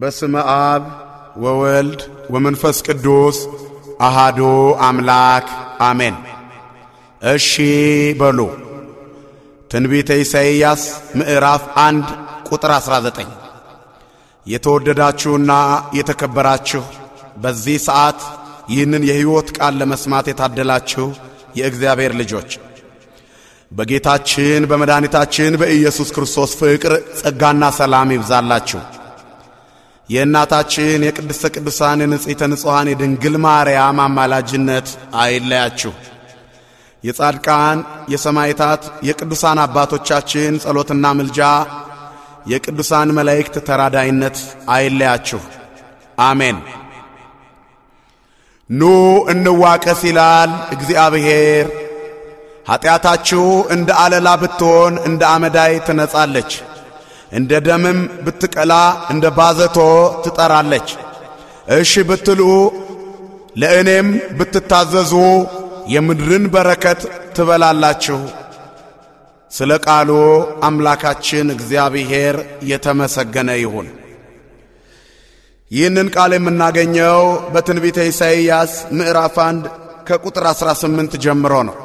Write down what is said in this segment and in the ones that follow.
በስመ አብ ወወልድ ወመንፈስ ቅዱስ አሃዶ አምላክ አሜን። እሺ በሉ። ትንቢተ ኢሳይያስ ምዕራፍ አንድ ቁጥር 19 የተወደዳችሁና የተከበራችሁ በዚህ ሰዓት ይህንን የሕይወት ቃል ለመስማት የታደላችሁ የእግዚአብሔር ልጆች በጌታችን በመድኃኒታችን በኢየሱስ ክርስቶስ ፍቅር ጸጋና ሰላም ይብዛላችሁ። የእናታችን የቅድስተ ቅዱሳን ንጽሕተ ንጹሐን የድንግል ማርያም አማላጅነት አይለያችሁ። የጻድቃን የሰማይታት የቅዱሳን አባቶቻችን ጸሎትና ምልጃ የቅዱሳን መላእክት ተራዳይነት አይለያችሁ። አሜን። ኑ እንዋቀስ ይላል እግዚአብሔር። ኀጢአታችሁ እንደ አለላ ብትሆን እንደ አመዳይ ትነጻለች። እንደ ደምም ብትቀላ እንደ ባዘቶ ትጠራለች። እሺ ብትሉ ለእኔም ብትታዘዙ የምድርን በረከት ትበላላችሁ። ስለ ቃሉ አምላካችን እግዚአብሔር የተመሰገነ ይሁን። ይህንን ቃል የምናገኘው በትንቢተ ኢሳይያስ ምዕራፍ አንድ ከቁጥር 18 ጀምሮ ነው።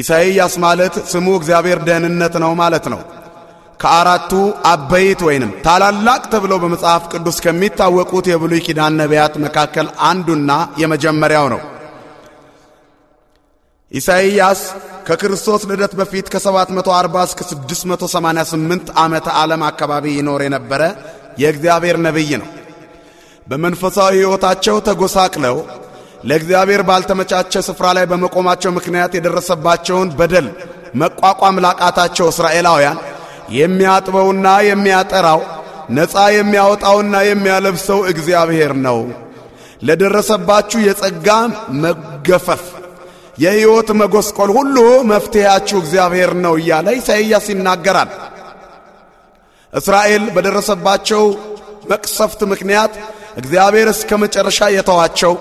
ኢሳይያስ ማለት ስሙ እግዚአብሔር ደህንነት ነው ማለት ነው። ከአራቱ አበይት ወይንም ታላላቅ ተብለው በመጽሐፍ ቅዱስ ከሚታወቁት የብሉይ ኪዳን ነቢያት መካከል አንዱና የመጀመሪያው ነው። ኢሳይያስ ከክርስቶስ ልደት በፊት ከ740 እስከ 688 ዓመተ ዓለም አካባቢ ይኖር የነበረ የእግዚአብሔር ነቢይ ነው። በመንፈሳዊ ሕይወታቸው ተጎሳቅለው ለእግዚአብሔር ባልተመቻቸ ስፍራ ላይ በመቆማቸው ምክንያት የደረሰባቸውን በደል መቋቋም ላቃታቸው እስራኤላውያን የሚያጥበውና የሚያጠራው ነፃ የሚያወጣውና የሚያለብሰው እግዚአብሔር ነው። ለደረሰባችሁ የጸጋ መገፈፍ፣ የሕይወት መጎስቆል ሁሉ መፍትሔያችሁ እግዚአብሔር ነው እያለ ኢሳይያስ ይናገራል። እስራኤል በደረሰባቸው መቅሰፍት ምክንያት እግዚአብሔር እስከ መጨረሻ የተዋቸው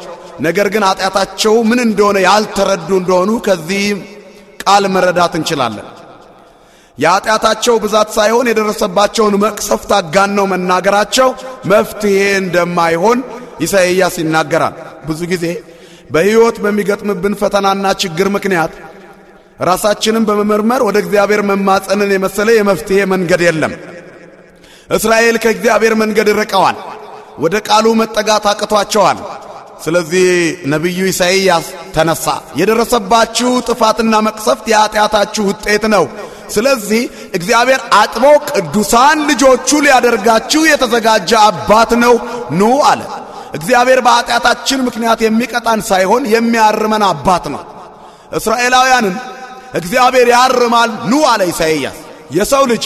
ነገር ግን ኃጢአታቸው ምን እንደሆነ ያልተረዱ እንደሆኑ ከዚህ ቃል መረዳት እንችላለን። የኃጢአታቸው ብዛት ሳይሆን የደረሰባቸውን መቅሰፍት አጋነው መናገራቸው መፍትሄ እንደማይሆን ኢሳይያስ ይናገራል። ብዙ ጊዜ በሕይወት በሚገጥምብን ፈተናና ችግር ምክንያት ራሳችንን በመመርመር ወደ እግዚአብሔር መማጸንን የመሰለ የመፍትሄ መንገድ የለም። እስራኤል ከእግዚአብሔር መንገድ ርቀዋል። ወደ ቃሉ መጠጋት አቅቷቸዋል። ስለዚህ ነቢዩ ኢሳይያስ ተነሳ። የደረሰባችሁ ጥፋትና መቅሰፍት የኀጢአታችሁ ውጤት ነው። ስለዚህ እግዚአብሔር አጥቦ ቅዱሳን ልጆቹ ሊያደርጋችሁ የተዘጋጀ አባት ነው፣ ኑ አለ። እግዚአብሔር በኀጢአታችን ምክንያት የሚቀጣን ሳይሆን የሚያርመን አባት ነው። እስራኤላውያንን እግዚአብሔር ያርማል፣ ኑ አለ ኢሳይያስ የሰው ልጅ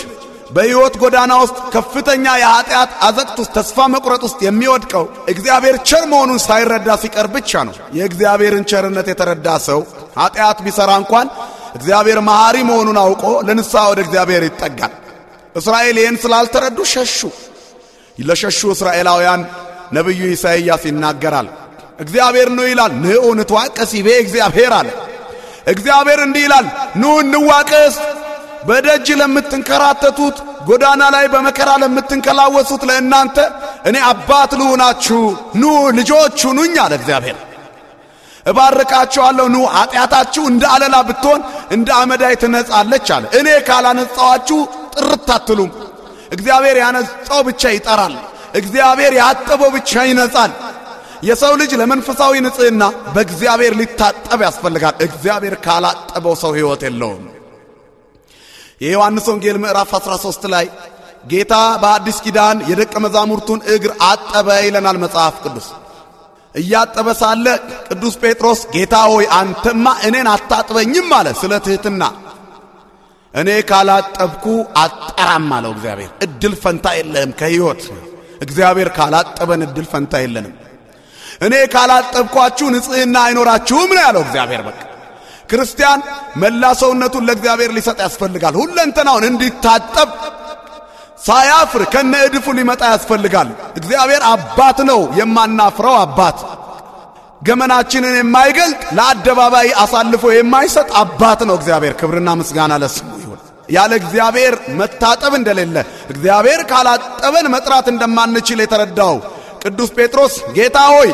በሕይወት ጎዳና ውስጥ ከፍተኛ የኀጢአት አዘቅት ውስጥ ተስፋ መቁረጥ ውስጥ የሚወድቀው እግዚአብሔር ቸር መሆኑን ሳይረዳ ሲቀር ብቻ ነው። የእግዚአብሔርን ቸርነት የተረዳ ሰው ኀጢአት ቢሠራ እንኳን እግዚአብሔር መሐሪ መሆኑን አውቆ ለንስሐ ወደ እግዚአብሔር ይጠጋል። እስራኤል ይህን ስላልተረዱ ሸሹ። ለሸሹ እስራኤላውያን ነቢዩ ኢሳይያስ ይናገራል። እግዚአብሔር ነው ይላል፣ ንዑ ንትዋቀስ ይቤ እግዚአብሔር አለ። እግዚአብሔር እንዲህ ይላል፣ ኑ እንዋቀስ በደጅ ለምትንከራተቱት ጎዳና ላይ በመከራ ለምትንከላወሱት ለእናንተ እኔ አባት ልሁናችሁ፣ ኑ ልጆች ሁኑኝ አለ እግዚአብሔር። እባርካችኋለሁ፣ ኑ ኃጢአታችሁ እንደ አለላ ብትሆን እንደ አመዳይ ትነጻለች አለ። እኔ ካላነጻዋችሁ ጥርት አትሉም። እግዚአብሔር ያነጻው ብቻ ይጠራል። እግዚአብሔር ያጠበው ብቻ ይነጻል። የሰው ልጅ ለመንፈሳዊ ንጽህና በእግዚአብሔር ሊታጠብ ያስፈልጋል። እግዚአብሔር ካላጠበው ሰው ሕይወት የለውም። የዮሐንስ ወንጌል ምዕራፍ 13 ላይ ጌታ በአዲስ ኪዳን የደቀ መዛሙርቱን እግር አጠበ ይለናል መጽሐፍ ቅዱስ። እያጠበ ሳለ ቅዱስ ጴጥሮስ ጌታ ሆይ አንተማ እኔን አታጥበኝም አለ። ስለ ትሕትና እኔ ካላጠብኩ አጠራም አለው እግዚአብሔር። እድል ፈንታ የለህም ከሕይወት እግዚአብሔር ካላጠበን እድል ፈንታ የለንም። እኔ ካላጠብኳችሁ ንጽሕና አይኖራችሁም ነው ያለው እግዚአብሔር በቃ ክርስቲያን መላ ሰውነቱን ለእግዚአብሔር ሊሰጥ ያስፈልጋል። ሁለንተናውን እንዲታጠብ ሳያፍር ከነ እድፉ ሊመጣ ያስፈልጋል። እግዚአብሔር አባት ነው፣ የማናፍረው አባት፣ ገመናችንን የማይገልጥ ለአደባባይ አሳልፎ የማይሰጥ አባት ነው እግዚአብሔር። ክብርና ምስጋና ለስሙ ይሁን። ያለ እግዚአብሔር መታጠብ እንደሌለ እግዚአብሔር ካላጠበን መጥራት እንደማንችል የተረዳው ቅዱስ ጴጥሮስ ጌታ ሆይ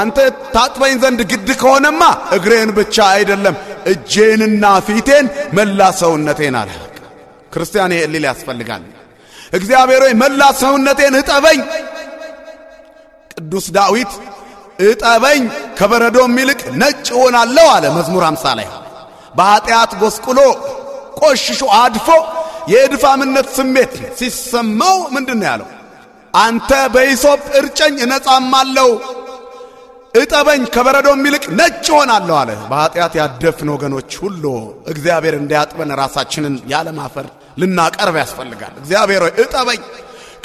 አንተ ታጥበኝ ዘንድ ግድ ከሆነማ እግሬን ብቻ አይደለም እጄንና ፊቴን መላ ሰውነቴን አለ። ክርስቲያን ይሄ ሊል ያስፈልጋል። እግዚአብሔር ሆይ መላ ሰውነቴን እጠበኝ። ቅዱስ ዳዊት እጠበኝ ከበረዶም ይልቅ ነጭ እሆናለሁ አለ መዝሙር ሃምሳ ላይ በአጥያት ጎስቁሎ ቆሽሾ አድፎ የእድፋምነት ስሜት ሲሰማው ምንድን ነው ያለው? አንተ በኢሶፕ እርጨኝ እነጻማለሁ እጠበኝ ከበረዶም ይልቅ ነጭ ሆናለሁ አለ። በኃጢአት ያደፍን ወገኖች ሁሉ እግዚአብሔር እንዲያጥበን ራሳችንን ያለማፈር ልናቀርብ ያስፈልጋል። እግዚአብሔር ሆይ እጠበኝ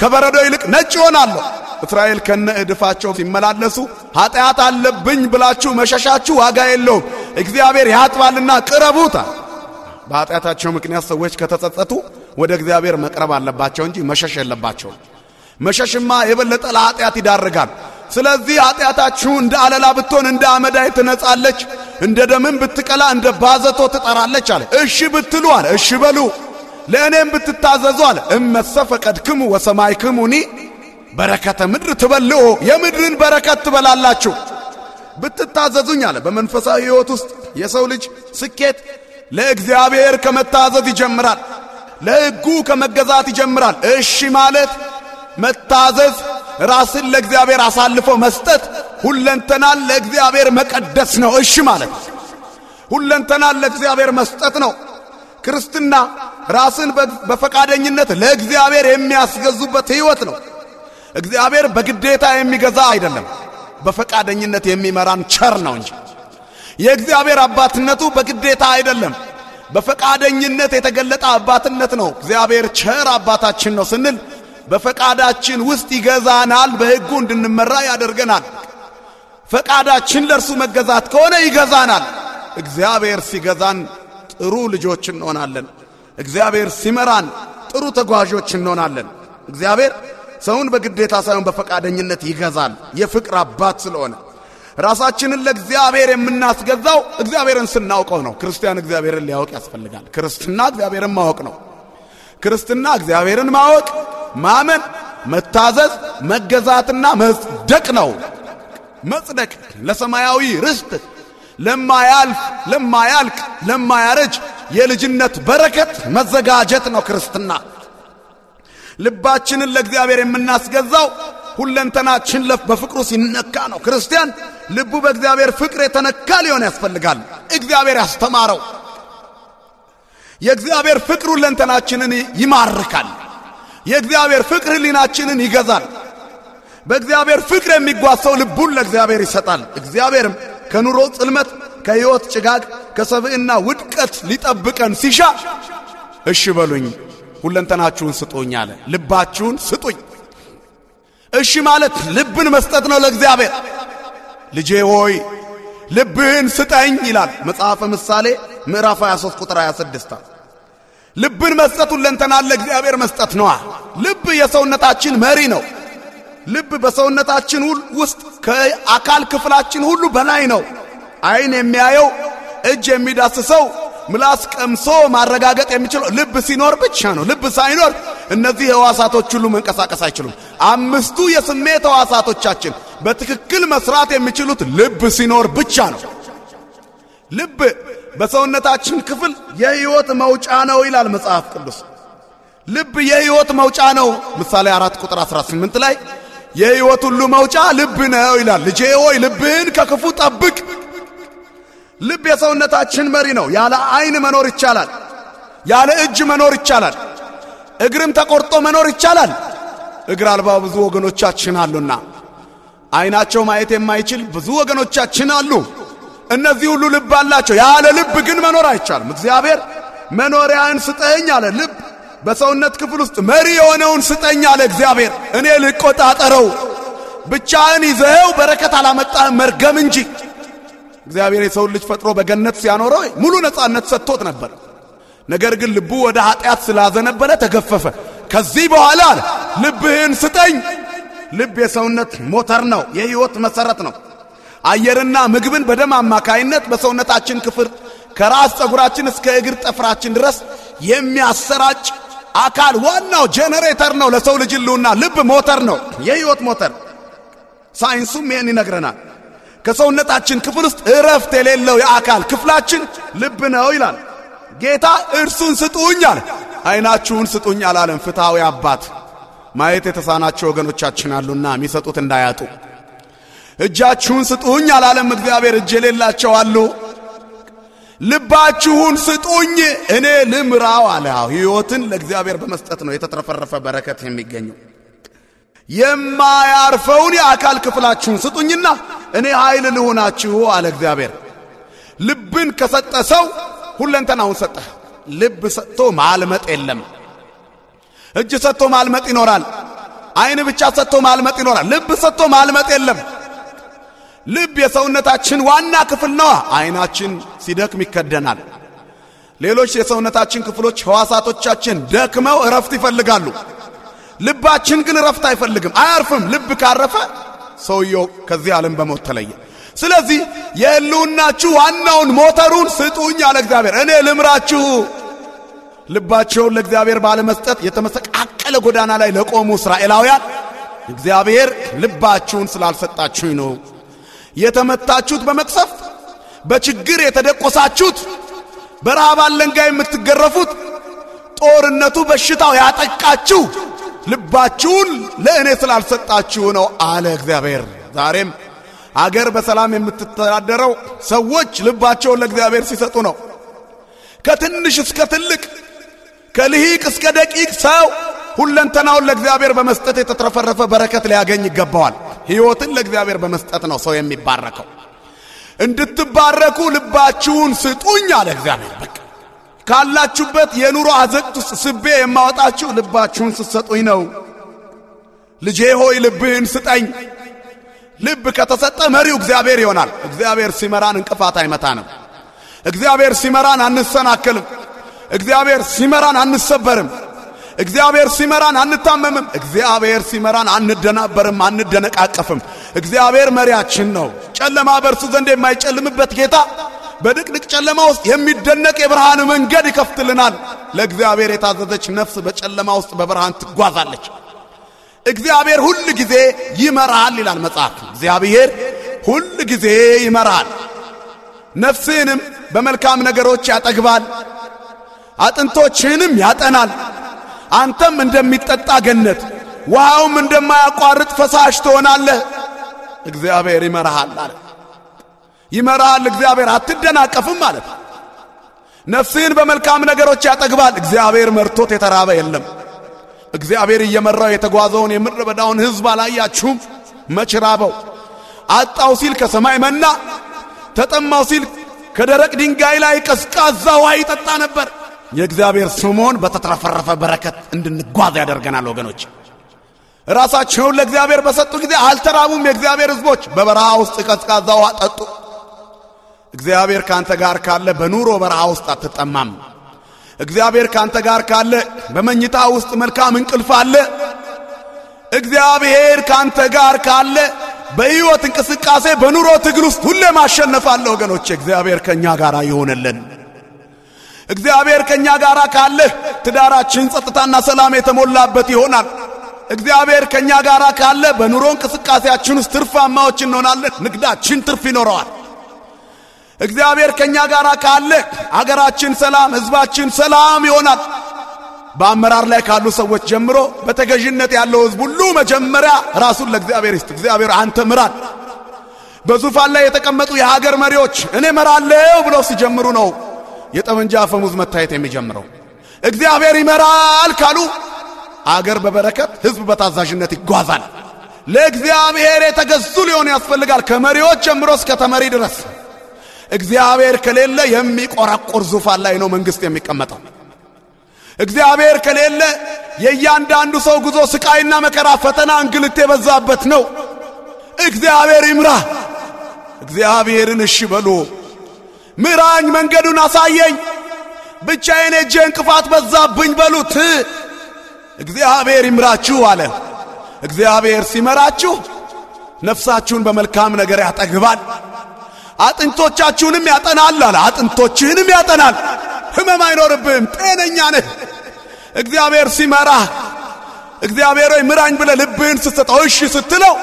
ከበረዶ ይልቅ ነጭ ሆናለሁ። እስራኤል ከነ እድፋቸው ሲመላለሱ ኃጢአት አለብኝ ብላችሁ መሸሻችሁ ዋጋ የለውም፣ እግዚአብሔር ያጥባልና ቅረቡታ። በኃጢአታቸው ምክንያት ሰዎች ከተጸጸቱ ወደ እግዚአብሔር መቅረብ አለባቸው እንጂ መሸሽ የለባቸው። መሸሽማ የበለጠ ለኃጢአት ይዳርጋል። ስለዚህ ኃጢአታችሁ እንደ አለላ ብትሆን እንደ አመዳይ ትነጻለች፣ እንደ ደምን ብትቀላ እንደ ባዘቶ ትጠራለች አለ። እሺ ብትሉ አለ፣ እሺ በሉ ለእኔም ብትታዘዙ አለ። እመሰ ፈቀድክሙ ወሰማይክሙኒ በረከተ ምድር ትበልዑ፣ የምድርን በረከት ትበላላችሁ ብትታዘዙኝ አለ። በመንፈሳዊ ሕይወት ውስጥ የሰው ልጅ ስኬት ለእግዚአብሔር ከመታዘዝ ይጀምራል። ለሕጉ ከመገዛት ይጀምራል። እሺ ማለት መታዘዝ ራስን ለእግዚአብሔር አሳልፎ መስጠት ሁለንተናን ለእግዚአብሔር መቀደስ ነው። እሺ ማለት ሁለንተናን ለእግዚአብሔር መስጠት ነው። ክርስትና ራስን በፈቃደኝነት ለእግዚአብሔር የሚያስገዙበት ሕይወት ነው። እግዚአብሔር በግዴታ የሚገዛ አይደለም፣ በፈቃደኝነት የሚመራን ቸር ነው እንጂ። የእግዚአብሔር አባትነቱ በግዴታ አይደለም፣ በፈቃደኝነት የተገለጠ አባትነት ነው። እግዚአብሔር ቸር አባታችን ነው ስንል በፈቃዳችን ውስጥ ይገዛናል። በሕጉ እንድንመራ ያደርገናል። ፈቃዳችን ለእርሱ መገዛት ከሆነ ይገዛናል። እግዚአብሔር ሲገዛን ጥሩ ልጆች እንሆናለን። እግዚአብሔር ሲመራን ጥሩ ተጓዦች እንሆናለን። እግዚአብሔር ሰውን በግዴታ ሳይሆን በፈቃደኝነት ይገዛል። የፍቅር አባት ስለሆነ ራሳችንን ለእግዚአብሔር የምናስገዛው እግዚአብሔርን ስናውቀው ነው። ክርስቲያን እግዚአብሔርን ሊያውቅ ያስፈልጋል። ክርስትና እግዚአብሔርን ማወቅ ነው። ክርስትና እግዚአብሔርን ማወቅ ማመን፣ መታዘዝ፣ መገዛትና መጽደቅ ነው። መጽደቅ ለሰማያዊ ርስት፣ ለማያልፍ፣ ለማያልቅ፣ ለማያረጅ የልጅነት በረከት መዘጋጀት ነው ክርስትና። ልባችንን ለእግዚአብሔር የምናስገዛው ሁለንተናችን በፍቅሩ ሲነካ ነው። ክርስቲያን ልቡ በእግዚአብሔር ፍቅር የተነካ ሊሆን ያስፈልጋል። እግዚአብሔር ያስተማረው የእግዚአብሔር ፍቅር ሁለንተናችንን ይማርካል። የእግዚአብሔር ፍቅር ህሊናችንን ይገዛል። በእግዚአብሔር ፍቅር የሚጓሰው ልቡን ለእግዚአብሔር ይሰጣል። እግዚአብሔርም ከኑሮ ጽልመት፣ ከሕይወት ጭጋግ፣ ከሰብዕና ውድቀት ሊጠብቀን ሲሻ እሺ በሉኝ ሁለንተናችሁን ስጡኝ አለ። ልባችሁን ስጡኝ። እሺ ማለት ልብን መስጠት ነው ለእግዚአብሔር። ልጄ ሆይ ልብህን ስጠኝ ይላል መጽሐፈ ምሳሌ ምዕራፍ 23 ቁጥር 26 ልብን መስጠት ሁለንተና ለእግዚአብሔር መስጠት ነዋ። ልብ የሰውነታችን መሪ ነው። ልብ በሰውነታችን ውስጥ ከአካል ክፍላችን ሁሉ በላይ ነው። አይን የሚያየው፣ እጅ የሚዳስሰው፣ ምላስ ቀምሶ ማረጋገጥ የሚችለው ልብ ሲኖር ብቻ ነው። ልብ ሳይኖር እነዚህ ህዋሳቶች ሁሉ መንቀሳቀስ አይችሉም። አምስቱ የስሜት ህዋሳቶቻችን በትክክል መስራት የሚችሉት ልብ ሲኖር ብቻ ነው። ልብ በሰውነታችን ክፍል የሕይወት መውጫ ነው ይላል መጽሐፍ ቅዱስ። ልብ የሕይወት መውጫ ነው። ምሳሌ አራት ቁጥር 18 ላይ የሕይወት ሁሉ መውጫ ልብ ነው ይላል። ልጄ ሆይ ልብህን ከክፉ ጠብቅ። ልብ የሰውነታችን መሪ ነው። ያለ አይን መኖር ይቻላል፣ ያለ እጅ መኖር ይቻላል፣ እግርም ተቆርጦ መኖር ይቻላል። እግር አልባ ብዙ ወገኖቻችን አሉና አይናቸው ማየት የማይችል ብዙ ወገኖቻችን አሉ። እነዚህ ሁሉ ልብ አላቸው። ያለ ልብ ግን መኖር አይቻልም። እግዚአብሔር መኖሪያን ስጠኝ አለ። ልብ በሰውነት ክፍል ውስጥ መሪ የሆነውን ስጠኝ አለ እግዚአብሔር። እኔ ልቆጣጠረው። ብቻህን ይዘኸው በረከት አላመጣህም፣ መርገም እንጂ። እግዚአብሔር የሰውን ልጅ ፈጥሮ በገነት ሲያኖረው ሙሉ ነፃነት ሰጥቶት ነበር። ነገር ግን ልቡ ወደ ኃጢአት ስላዘነበለ ተገፈፈ። ከዚህ በኋላ አለ ልብህን ስጠኝ። ልብ የሰውነት ሞተር ነው፣ የሕይወት መሠረት ነው። አየርና ምግብን በደም አማካይነት በሰውነታችን ክፍል ከራስ ፀጉራችን እስከ እግር ጠፍራችን ድረስ የሚያሰራጭ አካል ዋናው ጄኔሬተር ነው። ለሰው ልጅ ህልውና ልብ ሞተር ነው፣ የህይወት ሞተር። ሳይንሱም ይህን ይነግረናል። ከሰውነታችን ክፍል ውስጥ እረፍት የሌለው የአካል ክፍላችን ልብ ነው ይላል ጌታ። እርሱን ስጡኝ አለ። አይናችሁን ስጡኝ አላለም። ፍትሐዊ አባት ማየት የተሳናቸው ወገኖቻችን አሉና የሚሰጡት እንዳያጡ እጃችሁን ስጡኝ አላለም እግዚአብሔር። እጅ የሌላቸው አሉ። ልባችሁን ስጡኝ እኔ ልምራው አለ። ሕይወትን ለእግዚአብሔር በመስጠት ነው የተትረፈረፈ በረከት የሚገኘው። የማያርፈውን የአካል ክፍላችሁን ስጡኝና እኔ ኃይል ልሆናችሁ አለ እግዚአብሔር። ልብን ከሰጠ ሰው ሁለንተናውን ሰጠ። ልብ ሰጥቶ ማልመጥ የለም። እጅ ሰጥቶ ማልመጥ ይኖራል። አይን ብቻ ሰጥቶ ማልመጥ ይኖራል። ልብ ሰጥቶ ማልመጥ የለም። ልብ የሰውነታችን ዋና ክፍል ነዋ። አይናችን ሲደክም ይከደናል። ሌሎች የሰውነታችን ክፍሎች ሕዋሳቶቻችን ደክመው እረፍት ይፈልጋሉ። ልባችን ግን እረፍት አይፈልግም፣ አያርፍም። ልብ ካረፈ ሰውየው ከዚህ ዓለም በሞት ተለየ። ስለዚህ የሕልውናችሁ ዋናውን ሞተሩን ስጡኝ አለ እግዚአብሔር። እኔ ልምራችሁ። ልባቸውን ለእግዚአብሔር ባለመስጠት የተመሰቃቀለ ጎዳና ላይ ለቆሙ እስራኤላውያን እግዚአብሔር ልባችሁን ስላልሰጣችሁኝ ነው የተመታችሁት በመቅሰፍ በችግር የተደቆሳችሁት በረሃብ አለንጋ የምትገረፉት ጦርነቱ በሽታው ያጠቃችሁ ልባችሁን ለእኔ ስላልሰጣችሁ ነው አለ እግዚአብሔር። ዛሬም አገር በሰላም የምትተዳደረው ሰዎች ልባቸውን ለእግዚአብሔር ሲሰጡ ነው። ከትንሽ እስከ ትልቅ፣ ከልሂቅ እስከ ደቂቅ ሰው ሁለንተናውን ለእግዚአብሔር በመስጠት የተትረፈረፈ በረከት ሊያገኝ ይገባዋል። ሕይወትን ለእግዚአብሔር በመስጠት ነው ሰው የሚባረከው። እንድትባረኩ ልባችሁን ስጡኝ አለ እግዚአብሔር። በቃ ካላችሁበት የኑሮ አዘቅት ውስጥ ስቤ የማወጣችሁ ልባችሁን ስትሰጡኝ ነው። ልጄ ሆይ ልብህን ስጠኝ። ልብ ከተሰጠ መሪው እግዚአብሔር ይሆናል። እግዚአብሔር ሲመራን እንቅፋት አይመታንም። እግዚአብሔር ሲመራን አንሰናከልም። እግዚአብሔር ሲመራን አንሰበርም። እግዚአብሔር ሲመራን አንታመምም። እግዚአብሔር ሲመራን አንደናበርም፣ አንደነቃቀፍም። እግዚአብሔር መሪያችን ነው። ጨለማ በርሱ ዘንድ የማይጨልምበት ጌታ በድቅድቅ ጨለማ ውስጥ የሚደነቅ የብርሃን መንገድ ይከፍትልናል። ለእግዚአብሔር የታዘዘች ነፍስ በጨለማ ውስጥ በብርሃን ትጓዛለች። እግዚአብሔር ሁል ጊዜ ይመራል ይላል መጽሐፍ። እግዚአብሔር ሁል ጊዜ ይመራል፣ ነፍስህንም በመልካም ነገሮች ያጠግባል፣ አጥንቶችህንም ያጠናል። አንተም እንደሚጠጣ ገነት ውሃውም እንደማያቋርጥ ፈሳሽ ትሆናለህ። እግዚአብሔር ይመራሃል አለ። ይመራሃል እግዚአብሔር አትደናቀፍም ማለት ነፍስህን በመልካም ነገሮች ያጠግባል። እግዚአብሔር መርቶት የተራበ የለም። እግዚአብሔር እየመራው የተጓዘውን የምድረ በዳውን ሕዝብ አላያችሁም? መች ራበው? አጣው ሲል ከሰማይ መና፣ ተጠማው ሲል ከደረቅ ድንጋይ ላይ ቀዝቃዛ ውሃ ይጠጣ ነበር። የእግዚአብሔር ስሙን በተትረፈረፈ በረከት እንድንጓዝ ያደርገናል። ወገኖች ራሳቸውን ለእግዚአብሔር በሰጡ ጊዜ አልተራቡም። የእግዚአብሔር ሕዝቦች በበረሃ ውስጥ ቀዝቃዛ ውሃ ጠጡ። እግዚአብሔር ካንተ ጋር ካለ በኑሮ በረሃ ውስጥ አትጠማም። እግዚአብሔር ካንተ ጋር ካለ በመኝታ ውስጥ መልካም እንቅልፍ አለ። እግዚአብሔር ካንተ ጋር ካለ በሕይወት እንቅስቃሴ፣ በኑሮ ትግል ውስጥ ሁሌ ማሸነፍ አለ። ወገኖች እግዚአብሔር ከእኛ ጋር ይሆንልን። እግዚአብሔር ከኛ ጋር ካለህ ትዳራችን ጸጥታና ሰላም የተሞላበት ይሆናል። እግዚአብሔር ከኛ ጋር ካለ በኑሮ እንቅስቃሴያችን ውስጥ ትርፋማዎች እንሆናለን። ንግዳችን ትርፍ ይኖረዋል። እግዚአብሔር ከኛ ጋር ካለ አገራችን ሰላም፣ ህዝባችን ሰላም ይሆናል። በአመራር ላይ ካሉ ሰዎች ጀምሮ በተገዥነት ያለው ህዝብ ሁሉ መጀመሪያ ራሱን ለእግዚአብሔር ይስጥ። እግዚአብሔር አንተ ምራን። በዙፋን ላይ የተቀመጡ የሀገር መሪዎች እኔ መራለው ብለው ሲጀምሩ ነው የጠመንጃ አፈሙዝ መታየት የሚጀምረው። እግዚአብሔር ይመራል ካሉ አገር በበረከት ህዝብ በታዛዥነት ይጓዛል። ለእግዚአብሔር የተገዙ ሊሆን ያስፈልጋል፣ ከመሪዎች ጀምሮ እስከ ተመሪ ድረስ። እግዚአብሔር ከሌለ የሚቆራቆር ዙፋን ላይ ነው መንግስት የሚቀመጠው። እግዚአብሔር ከሌለ የእያንዳንዱ ሰው ጉዞ ስቃይና መከራ፣ ፈተና፣ እንግልት የበዛበት ነው። እግዚአብሔር ይምራ። እግዚአብሔርን እሺ በሉ። ምራኝ፣ መንገዱን አሳየኝ፣ ብቻዬን ሄጄ እንቅፋት በዛብኝ በሉት። እግዚአብሔር ይምራችሁ አለ። እግዚአብሔር ሲመራችሁ ነፍሳችሁን በመልካም ነገር ያጠግባል፣ አጥንቶቻችሁንም ያጠናል አለ። አጥንቶችህንም ያጠናል። ህመም አይኖርብህም፣ ጤነኛ ነህ። እግዚአብሔር ሲመራህ እግዚአብሔር ሆይ ምራኝ ብለህ ልብህን ስትሰጠው እሺ ስትለው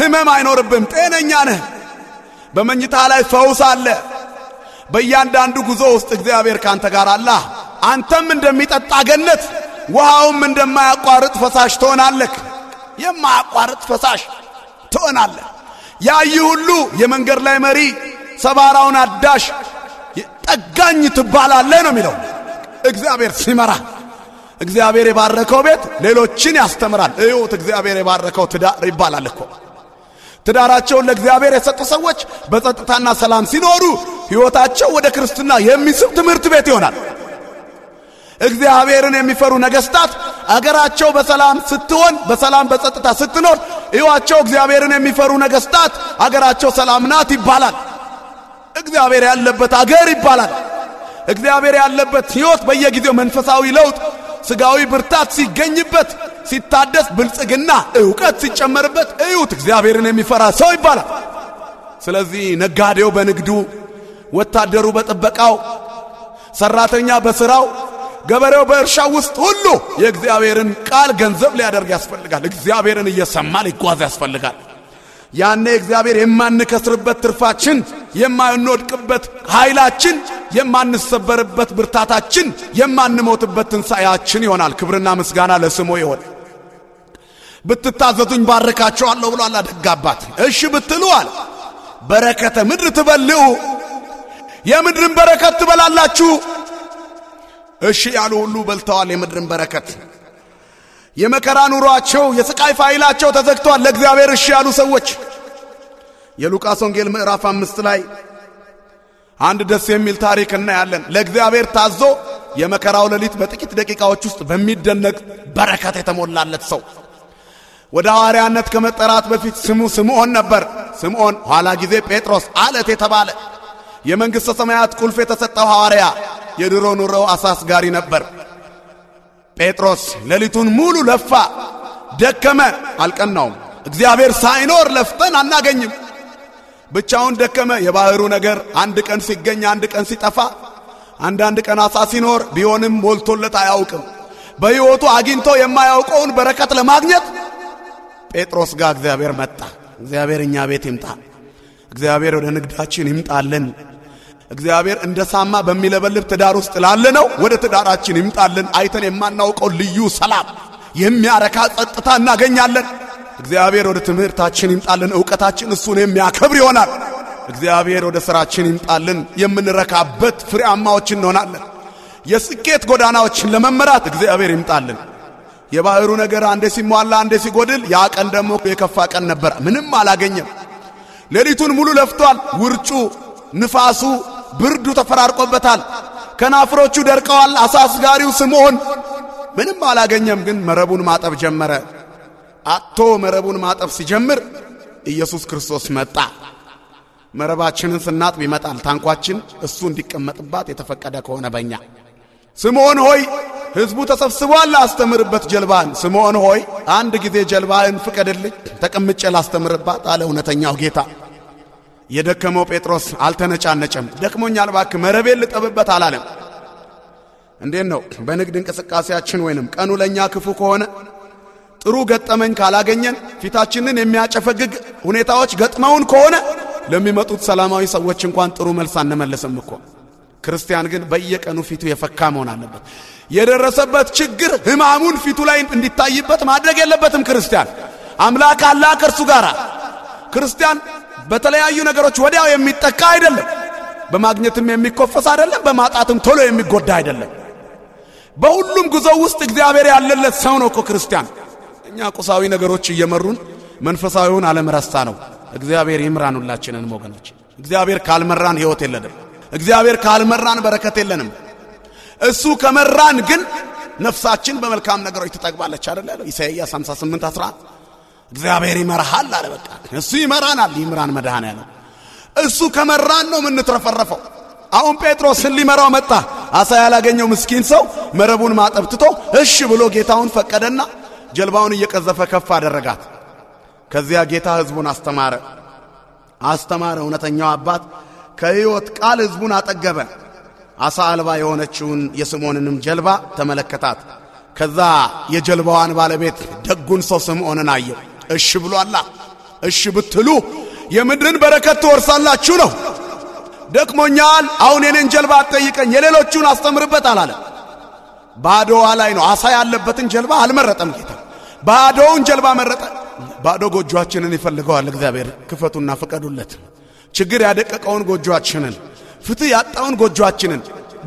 ህመም አይኖርብህም፣ ጤነኛ ነህ። በመኝታ ላይ ፈውስ አለ። በእያንዳንዱ ጉዞ ውስጥ እግዚአብሔር ካንተ ጋር አለ። አንተም እንደሚጠጣ ገነት ውሃውም እንደማያቋርጥ ፈሳሽ ትሆናለህ። የማያቋርጥ ፈሳሽ ትሆናለህ። ያይ ሁሉ የመንገድ ላይ መሪ፣ ሰባራውን አዳሽ፣ ጠጋኝ ትባላለህ ነው የሚለው። እግዚአብሔር ሲመራ እግዚአብሔር የባረከው ቤት ሌሎችን ያስተምራል። እዩት፣ እግዚአብሔር የባረከው ትዳር ይባላል እኮ። ትዳራቸውን ለእግዚአብሔር የሰጡ ሰዎች በጸጥታና ሰላም ሲኖሩ ሕይወታቸው ወደ ክርስትና የሚስብ ትምህርት ቤት ይሆናል። እግዚአብሔርን የሚፈሩ ነገሥታት አገራቸው በሰላም ስትሆን፣ በሰላም በጸጥታ ስትኖር ሕይዋቸው እግዚአብሔርን የሚፈሩ ነገሥታት አገራቸው ሰላም ናት ይባላል። እግዚአብሔር ያለበት አገር ይባላል። እግዚአብሔር ያለበት ሕይወት በየጊዜው መንፈሳዊ ለውጥ ስጋዊ ብርታት ሲገኝበት ሲታደስ ብልጽግና እውቀት ሲጨመርበት እዩት። እግዚአብሔርን የሚፈራ ሰው ይባላል። ስለዚህ ነጋዴው በንግዱ፣ ወታደሩ በጥበቃው፣ ሰራተኛ በስራው፣ ገበሬው በእርሻው ውስጥ ሁሉ የእግዚአብሔርን ቃል ገንዘብ ሊያደርግ ያስፈልጋል። እግዚአብሔርን እየሰማ ሊጓዝ ያስፈልጋል። ያነ እግዚአብሔር የማንከስርበት ትርፋችን፣ የማንወድቅበት ኃይላችን፣ የማንሰበርበት ብርታታችን፣ የማንሞትበት ትንሣኤያችን ይሆናል። ክብርና ምስጋና ለስሙ ይሆን። ብትታዘዙኝ ባረካቸዋለሁ ብሏል ደግ አባት። እሺ ብትሉ አለ በረከተ ምድር ትበልዑ፣ የምድርን በረከት ትበላላችሁ። እሺ ያሉ ሁሉ በልተዋል የምድርን በረከት የመከራ ኑሯቸው የስቃይ ፋይላቸው ተዘግቷል። ለእግዚአብሔር እሺ ያሉ ሰዎች የሉቃስ ወንጌል ምዕራፍ አምስት ላይ አንድ ደስ የሚል ታሪክ እናያለን። ለእግዚአብሔር ታዞ የመከራው ሌሊት በጥቂት ደቂቃዎች ውስጥ በሚደነቅ በረከት የተሞላለት ሰው ወደ ሐዋርያነት ከመጠራት በፊት ስሙ ስምዖን ነበር። ስምዖን ኋላ ጊዜ ጴጥሮስ አለት የተባለ የመንግሥተ ሰማያት ቁልፍ የተሰጠው ሐዋርያ የድሮ ኑሮው አሳስጋሪ ነበር። ጴጥሮስ ሌሊቱን ሙሉ ለፋ፣ ደከመ፣ አልቀናውም። እግዚአብሔር ሳይኖር ለፍተን አናገኝም። ብቻውን ደከመ። የባህሩ ነገር አንድ ቀን ሲገኝ፣ አንድ ቀን ሲጠፋ፣ አንዳንድ ቀን አሳ ሲኖር ቢሆንም ሞልቶለት አያውቅም። በሕይወቱ አግኝቶ የማያውቀውን በረከት ለማግኘት ጴጥሮስ ጋር እግዚአብሔር መጣ። እግዚአብሔር እኛ ቤት ይምጣ። እግዚአብሔር ወደ ንግዳችን ይምጣልን። እግዚአብሔር እንደ ሳማ በሚለበልብ ትዳር ውስጥ ላለ ነው ወደ ትዳራችን ይምጣልን። አይተን የማናውቀው ልዩ ሰላም፣ የሚያረካ ጸጥታ እናገኛለን። እግዚአብሔር ወደ ትምህርታችን ይምጣልን። እውቀታችን እሱን የሚያከብር ይሆናል። እግዚአብሔር ወደ ሥራችን ይምጣልን። የምንረካበት ፍሬያማዎች እንሆናለን። የስኬት ጎዳናዎችን ለመመራት እግዚአብሔር ይምጣልን። የባህሩ ነገር አንዴ ሲሟላ አንዴ ሲጎድል፣ ያ ቀን ደግሞ የከፋ ቀን ነበር ምንም አላገኘም። ሌሊቱን ሙሉ ለፍቷል። ውርጩ፣ ንፋሱ ብርዱ ተፈራርቆበታል። ከናፍሮቹ ደርቀዋል። አሳስጋሪው ስምዖን ምንም አላገኘም፣ ግን መረቡን ማጠብ ጀመረ። አጥቶ መረቡን ማጠብ ሲጀምር ኢየሱስ ክርስቶስ መጣ። መረባችንን ስናጥብ ይመጣል። ታንኳችን እሱ እንዲቀመጥባት የተፈቀደ ከሆነ በእኛ ስምዖን ሆይ ሕዝቡ ተሰብስቧል፣ ላስተምርበት ጀልባን። ስምዖን ሆይ አንድ ጊዜ ጀልባህን ፍቀድልኝ፣ ተቀምጬ ላስተምርባት አለ እውነተኛው ጌታ። የደከመው ጴጥሮስ አልተነጫነጨም። ደክሞኛል ባክ መረቤን ልጠብበት አላለም። እንዴት ነው በንግድ እንቅስቃሴያችን ወይንም ቀኑ ለእኛ ክፉ ከሆነ ጥሩ ገጠመኝ ካላገኘን ፊታችንን የሚያጨፈግግ ሁኔታዎች ገጥመውን ከሆነ ለሚመጡት ሰላማዊ ሰዎች እንኳን ጥሩ መልስ አንመልስም እኮ። ክርስቲያን ግን በየቀኑ ፊቱ የፈካ መሆን አለበት። የደረሰበት ችግር ሕማሙን ፊቱ ላይ እንዲታይበት ማድረግ የለበትም። ክርስቲያን አምላክ አላ ከእርሱ ጋር ክርስቲያን በተለያዩ ነገሮች ወዲያው የሚጠቃ አይደለም። በማግኘትም የሚኮፈስ አይደለም። በማጣትም ቶሎ የሚጎዳ አይደለም። በሁሉም ጉዞ ውስጥ እግዚአብሔር ያለለት ሰው ነው እኮ ክርስቲያን። እኛ ቁሳዊ ነገሮች እየመሩን መንፈሳዊውን አለመረሳ ነው። እግዚአብሔር ይምራን ሁላችንን ወገኖች። እግዚአብሔር ካልመራን ሕይወት የለንም። እግዚአብሔር ካልመራን በረከት የለንም። እሱ ከመራን ግን ነፍሳችን በመልካም ነገሮች ትጠግባለች። አይደለ? ኢሳይያስ 58 11 እግዚአብሔር ይመርሃል አለ። በቃ እሱ ይመራናል። ይምራን መድኃን ያለው እሱ ከመራን ነው የምንትረፈረፈው። አሁን ጴጥሮስን ሊመራው መጣ። አሳ ያላገኘው ምስኪን ሰው መረቡን ማጠብ ትቶ እሺ ብሎ ጌታውን ፈቀደና ጀልባውን እየቀዘፈ ከፍ አደረጋት። ከዚያ ጌታ ሕዝቡን አስተማረ አስተማረ። እውነተኛው አባት ከሕይወት ቃል ሕዝቡን አጠገበ። አሳ አልባ የሆነችውን የስምዖንንም ጀልባ ተመለከታት። ከዛ የጀልባዋን ባለቤት ደጉን ሰው ስምዖንን አየው። እሺ ብሏላ። እሺ ብትሉ የምድርን በረከት ትወርሳላችሁ ነው። ደክሞኛል፣ አሁን የኔን ጀልባ አትጠይቀኝ፣ የሌሎቹን አስተምርበት አላለ። ባዶዋ ላይ ነው። አሳ ያለበትን ጀልባ አልመረጠም ጌታ፣ ባዶውን ጀልባ መረጠ። ባዶ ጎጆአችንን ይፈልገዋል እግዚአብሔር። ክፈቱና ፍቀዱለት። ችግር ያደቀቀውን ጎጆአችንን፣ ፍትህ ያጣውን ጎጆአችንን፣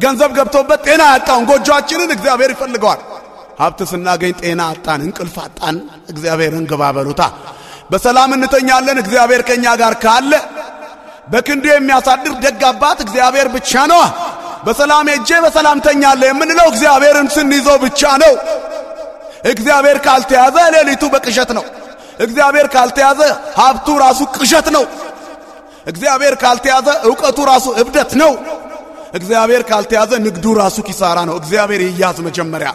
ገንዘብ ገብቶበት ጤና ያጣውን ጎጆአችንን እግዚአብሔር ይፈልገዋል። ሀብት ስናገኝ ጤና አጣን፣ እንቅልፍ አጣን። እግዚአብሔርን ግባ በሉታ። በሰላም እንተኛለን። እግዚአብሔር ከእኛ ጋር ካለ በክንዱ የሚያሳድር ደግ አባት እግዚአብሔር ብቻ ነው። በሰላም ሄጄ በሰላም ተኛለ የምንለው እግዚአብሔርን ስንይዘው ብቻ ነው። እግዚአብሔር ካልተያዘ ሌሊቱ በቅሸት ነው። እግዚአብሔር ካልተያዘ ሀብቱ ራሱ ቅሸት ነው። እግዚአብሔር ካልተያዘ ዕውቀቱ ራሱ እብደት ነው። እግዚአብሔር ካልተያዘ ንግዱ ራሱ ኪሳራ ነው። እግዚአብሔር ይያዝ መጀመሪያ።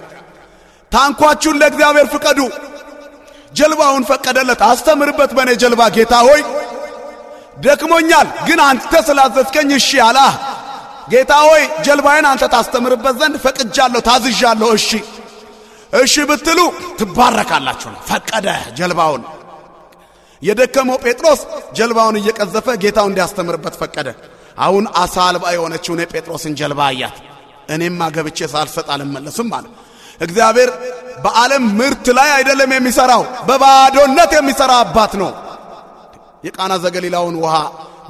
ታንኳችሁን ለእግዚአብሔር ፍቀዱ። ጀልባውን ፈቀደለት። አስተምርበት በእኔ ጀልባ ጌታ ሆይ ደክሞኛል፣ ግን አንተ ስላዘዝከኝ እሺ አላ ጌታ ሆይ ጀልባዬን አንተ ታስተምርበት ዘንድ ፈቅጃለሁ፣ ታዝዣለሁ። እሺ እሺ ብትሉ ትባረካላችሁ ነው። ፈቀደ ጀልባውን። የደከመው ጴጥሮስ ጀልባውን እየቀዘፈ ጌታው እንዲያስተምርበት ፈቀደ። አሁን አሳ አልባ የሆነችውን የጴጥሮስን ጀልባ አያት። እኔማ ገብቼ ሳልሰጥ አልመለስም አለ። እግዚአብሔር በዓለም ምርት ላይ አይደለም የሚሰራው፣ በባዶነት የሚሰራ አባት ነው። የቃና ዘገሊላውን ውሃ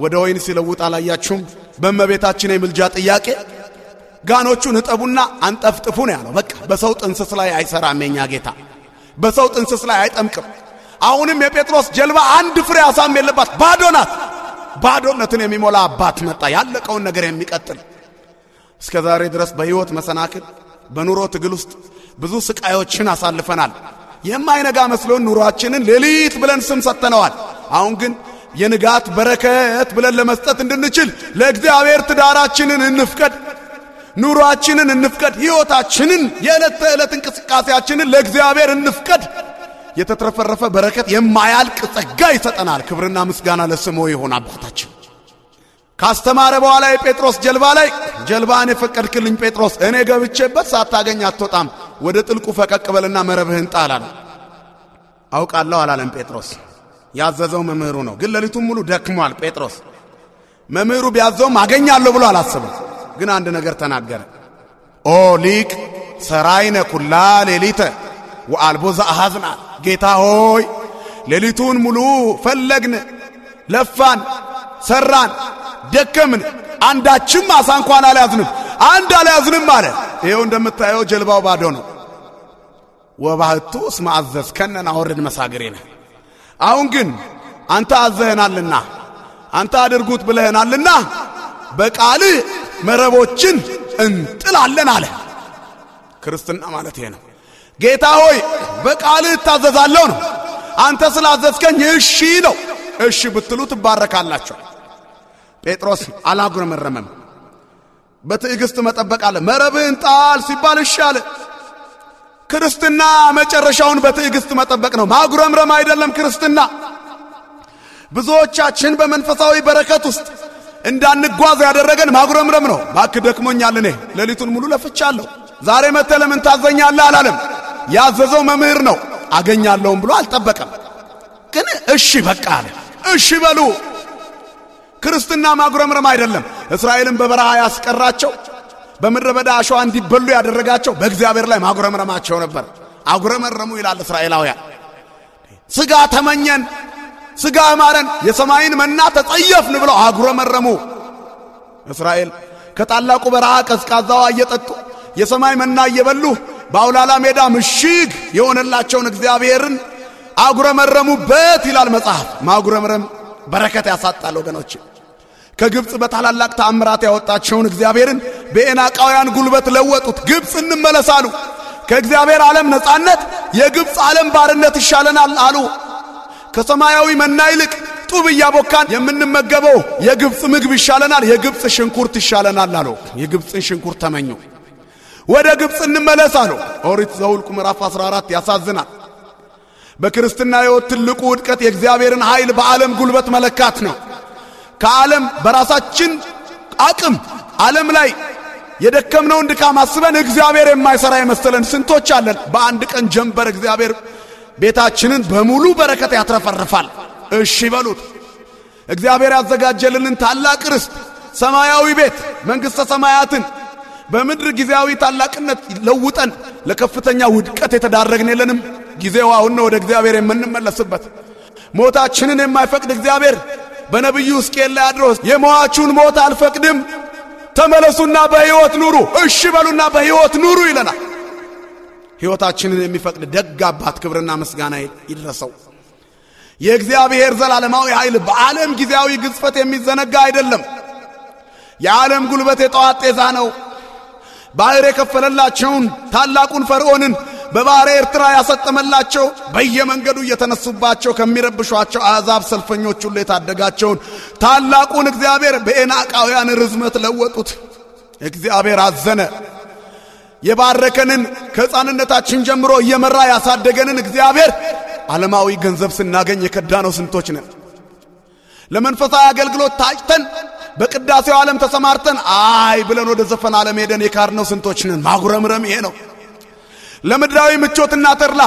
ወደ ወይን ሲለውጥ አላያችሁም? በእመቤታችን የምልጃ ጥያቄ ጋኖቹን እጠቡና አንጠፍጥፉ ነው ያለው። በቃ በሰው ጥንስስ ላይ አይሰራም የኛ ጌታ፣ በሰው ጥንስስ ላይ አይጠምቅም። አሁንም የጴጥሮስ ጀልባ አንድ ፍሬ አሳም የለባት ባዶ ናት። ባዶነትን የሚሞላ አባት መጣ፣ ያለቀውን ነገር የሚቀጥል እስከ ዛሬ ድረስ በሕይወት መሰናክል በኑሮ ትግል ውስጥ ብዙ ስቃዮችን አሳልፈናል። የማይነጋ መስሎን ኑሯችንን ሌሊት ብለን ስም ሰጥተነዋል። አሁን ግን የንጋት በረከት ብለን ለመስጠት እንድንችል ለእግዚአብሔር ትዳራችንን እንፍቀድ፣ ኑሯችንን እንፍቀድ፣ ሕይወታችንን የዕለት ተዕለት እንቅስቃሴያችንን ለእግዚአብሔር እንፍቀድ። የተትረፈረፈ በረከት የማያልቅ ጸጋ ይሰጠናል። ክብርና ምስጋና ለስሙ ይሆን አባታችን ካስተማረ በኋላ የጴጥሮስ ጀልባ ላይ ጀልባን የፈቀድክልኝ ጴጥሮስ እኔ ገብቼበት ሳታገኝ አትወጣም፣ ወደ ጥልቁ ፈቀቅ በልና መረብህን ጣላል። አውቃለሁ አላለም ጴጥሮስ። ያዘዘው መምህሩ ነው። ግን ሌሊቱን ሙሉ ደክሟል ጴጥሮስ። መምህሩ ቢያዘውም አገኛለሁ ብሎ አላስብም። ግን አንድ ነገር ተናገረ። ኦ ሊቅ ሰራይነ ኩላ ሌሊተ ወአልቦ ዘአሐዝና። ጌታ ሆይ ሌሊቱን ሙሉ ፈለግን፣ ለፋን፣ ሰራን ደከምን፣ አንዳችም አሳ እንኳን አልያዝንም፣ አንድ አልያዝንም አለ። ይኸው እንደምታየው ጀልባው ባዶ ነው። ወባህቱ እስመ አዘዝ ከነን አወርድ መሳግሬነ። አሁን ግን አንተ አዘህናልና አንተ አድርጉት ብለህናልና በቃል መረቦችን እንጥላለን አለ። ክርስትና ማለት ይሄ ነው። ጌታ ሆይ በቃል እታዘዛለሁ ነው። አንተ ስላዘዝከኝ እሺ ነው። እሺ ብትሉ ትባረካላችሁ። ጴጥሮስ አላጉረመረመም። በትዕግስት መጠበቅ አለ። መረብህን ጣል ሲባል እሺ አለ። ክርስትና መጨረሻውን በትዕግስት መጠበቅ ነው። ማጉረምረም አይደለም ክርስትና። ብዙዎቻችን በመንፈሳዊ በረከት ውስጥ እንዳንጓዝ ያደረገን ማጉረምረም ነው። ባክ ደክሞኛል፣ እኔ ሌሊቱን ሙሉ ለፍቻለሁ፣ ዛሬ መጥተህ ለምን ታዘኛለህ አላለም። ያዘዘው መምህር ነው። አገኛለሁም ብሎ አልጠበቀም፣ ግን እሺ በቃ አለ። እሺ በሉ ክርስትና ማጉረምረም አይደለም። እስራኤልን በበረሃ ያስቀራቸው በምድረ በዳ አሸዋ እንዲበሉ ያደረጋቸው በእግዚአብሔር ላይ ማጉረምረማቸው ነበር። አጉረመረሙ ይላል እስራኤላውያን። ስጋ ተመኘን፣ ስጋ አማረን፣ የሰማይን መና ተጸየፍን ብለው አጉረመረሙ። እስራኤል ከታላቁ በረሃ ቀዝቃዛዋ እየጠጡ የሰማይ መና እየበሉ በአውላላ ሜዳ ምሽግ የሆነላቸውን እግዚአብሔርን አጉረመረሙበት ይላል መጽሐፍ። ማጉረምረም በረከት ያሳጣል ወገኖች። ከግብፅ በታላላቅ ተአምራት ያወጣቸውን እግዚአብሔርን በኤናቃውያን ጉልበት ለወጡት። ግብፅ እንመለሳሉ። ከእግዚአብሔር ዓለም ነፃነት የግብፅ ዓለም ባርነት ይሻለናል አሉ። ከሰማያዊ መና ይልቅ ጡብ እያቦካን የምንመገበው የግብፅ ምግብ ይሻለናል፣ የግብፅ ሽንኩርት ይሻለናል አሉ። የግብፅን ሽንኩርት ተመኙ። ወደ ግብፅ እንመለስ አሉ። ኦሪት ዘውልቁ ምዕራፍ 14 ያሳዝናል። በክርስትና ሕይወት ትልቁ ውድቀት የእግዚአብሔርን ኃይል በዓለም ጉልበት መለካት ነው። ከዓለም በራሳችን አቅም ዓለም ላይ የደከምነውን ድካም አስበን እግዚአብሔር የማይሰራ የመሰለን ስንቶች አለን። በአንድ ቀን ጀንበር እግዚአብሔር ቤታችንን በሙሉ በረከት ያትረፈርፋል። እሺ በሉት። እግዚአብሔር ያዘጋጀልንን ታላቅ ርስት፣ ሰማያዊ ቤት፣ መንግሥተ ሰማያትን በምድር ጊዜያዊ ታላቅነት ለውጠን ለከፍተኛ ውድቀት የተዳረግን የለንም? ጊዜው አሁን ነው ወደ እግዚአብሔር የምንመለስበት። ሞታችንን የማይፈቅድ እግዚአብሔር በነቢዩ ሕዝቅኤል ላይ አድሮ የሟቹን ሞት አልፈቅድም፣ ተመለሱና በሕይወት ኑሩ፣ እሺ በሉና በሕይወት ኑሩ ይለናል። ሕይወታችንን የሚፈቅድ ደግ አባት ክብርና ምስጋና ይድረሰው። የእግዚአብሔር ዘላለማዊ ኃይል በዓለም ጊዜያዊ ግዝፈት የሚዘነጋ አይደለም። የዓለም ጉልበት የጠዋት ጤዛ ነው። ባሕር የከፈለላቸውን ታላቁን ፈርዖንን በባሕረ ኤርትራ ያሰጠመላቸው በየመንገዱ እየተነሱባቸው ከሚረብሿቸው አሕዛብ ሰልፈኞች ሁሉ የታደጋቸውን ታላቁን እግዚአብሔር በኤናቃውያን ርዝመት ለወጡት። እግዚአብሔር አዘነ። የባረከንን ከሕፃንነታችን ጀምሮ እየመራ ያሳደገንን እግዚአብሔር ዓለማዊ ገንዘብ ስናገኝ የከዳነው ስንቶች ነን? ለመንፈሳዊ አገልግሎት ታጭተን በቅዳሴው ዓለም ተሰማርተን አይ ብለን ወደ ዘፈን ዓለም ሄደን የካድነው ስንቶች ነን? ማጉረምረም ይሄ ነው። ለምድራዊ ምቾትና ተድላ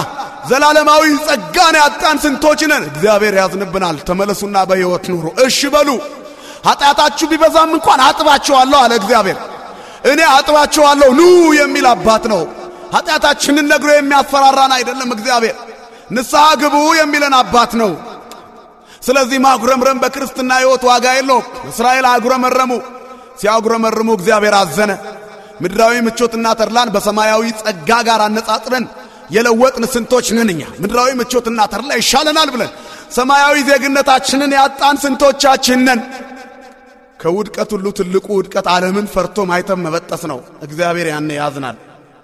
ዘላለማዊ ጸጋን ያጣን ስንቶች ነን። እግዚአብሔር ያዝንብናል። ተመለሱና በሕይወት ኑሩ። እሺ በሉ። ኃጢአታችሁ ቢበዛም እንኳን አጥባችኋለሁ አለ እግዚአብሔር። እኔ አጥባችኋለሁ ኑ የሚል አባት ነው። ኃጢአታችንን ነግሮ የሚያስፈራራን አይደለም። እግዚአብሔር ንስሐ ግቡ የሚለን አባት ነው። ስለዚህ ማጉረምረም በክርስትና ሕይወት ዋጋ የለውም። እስራኤል አጉረመረሙ። ሲያጉረመርሙ እግዚአብሔር አዘነ። ምድራዊ ምቾትና ተድላን በሰማያዊ ጸጋ ጋር አነጻጽረን የለወጥን ስንቶች ነንኛ? ምድራዊ ምቾትና ተድላ ይሻለናል ብለን ሰማያዊ ዜግነታችንን ያጣን ስንቶቻችን ነን? ከውድቀት ሁሉ ትልቁ ውድቀት ዓለምን ፈርቶ ማይተም መበጠስ ነው። እግዚአብሔር ያን ያዝናል።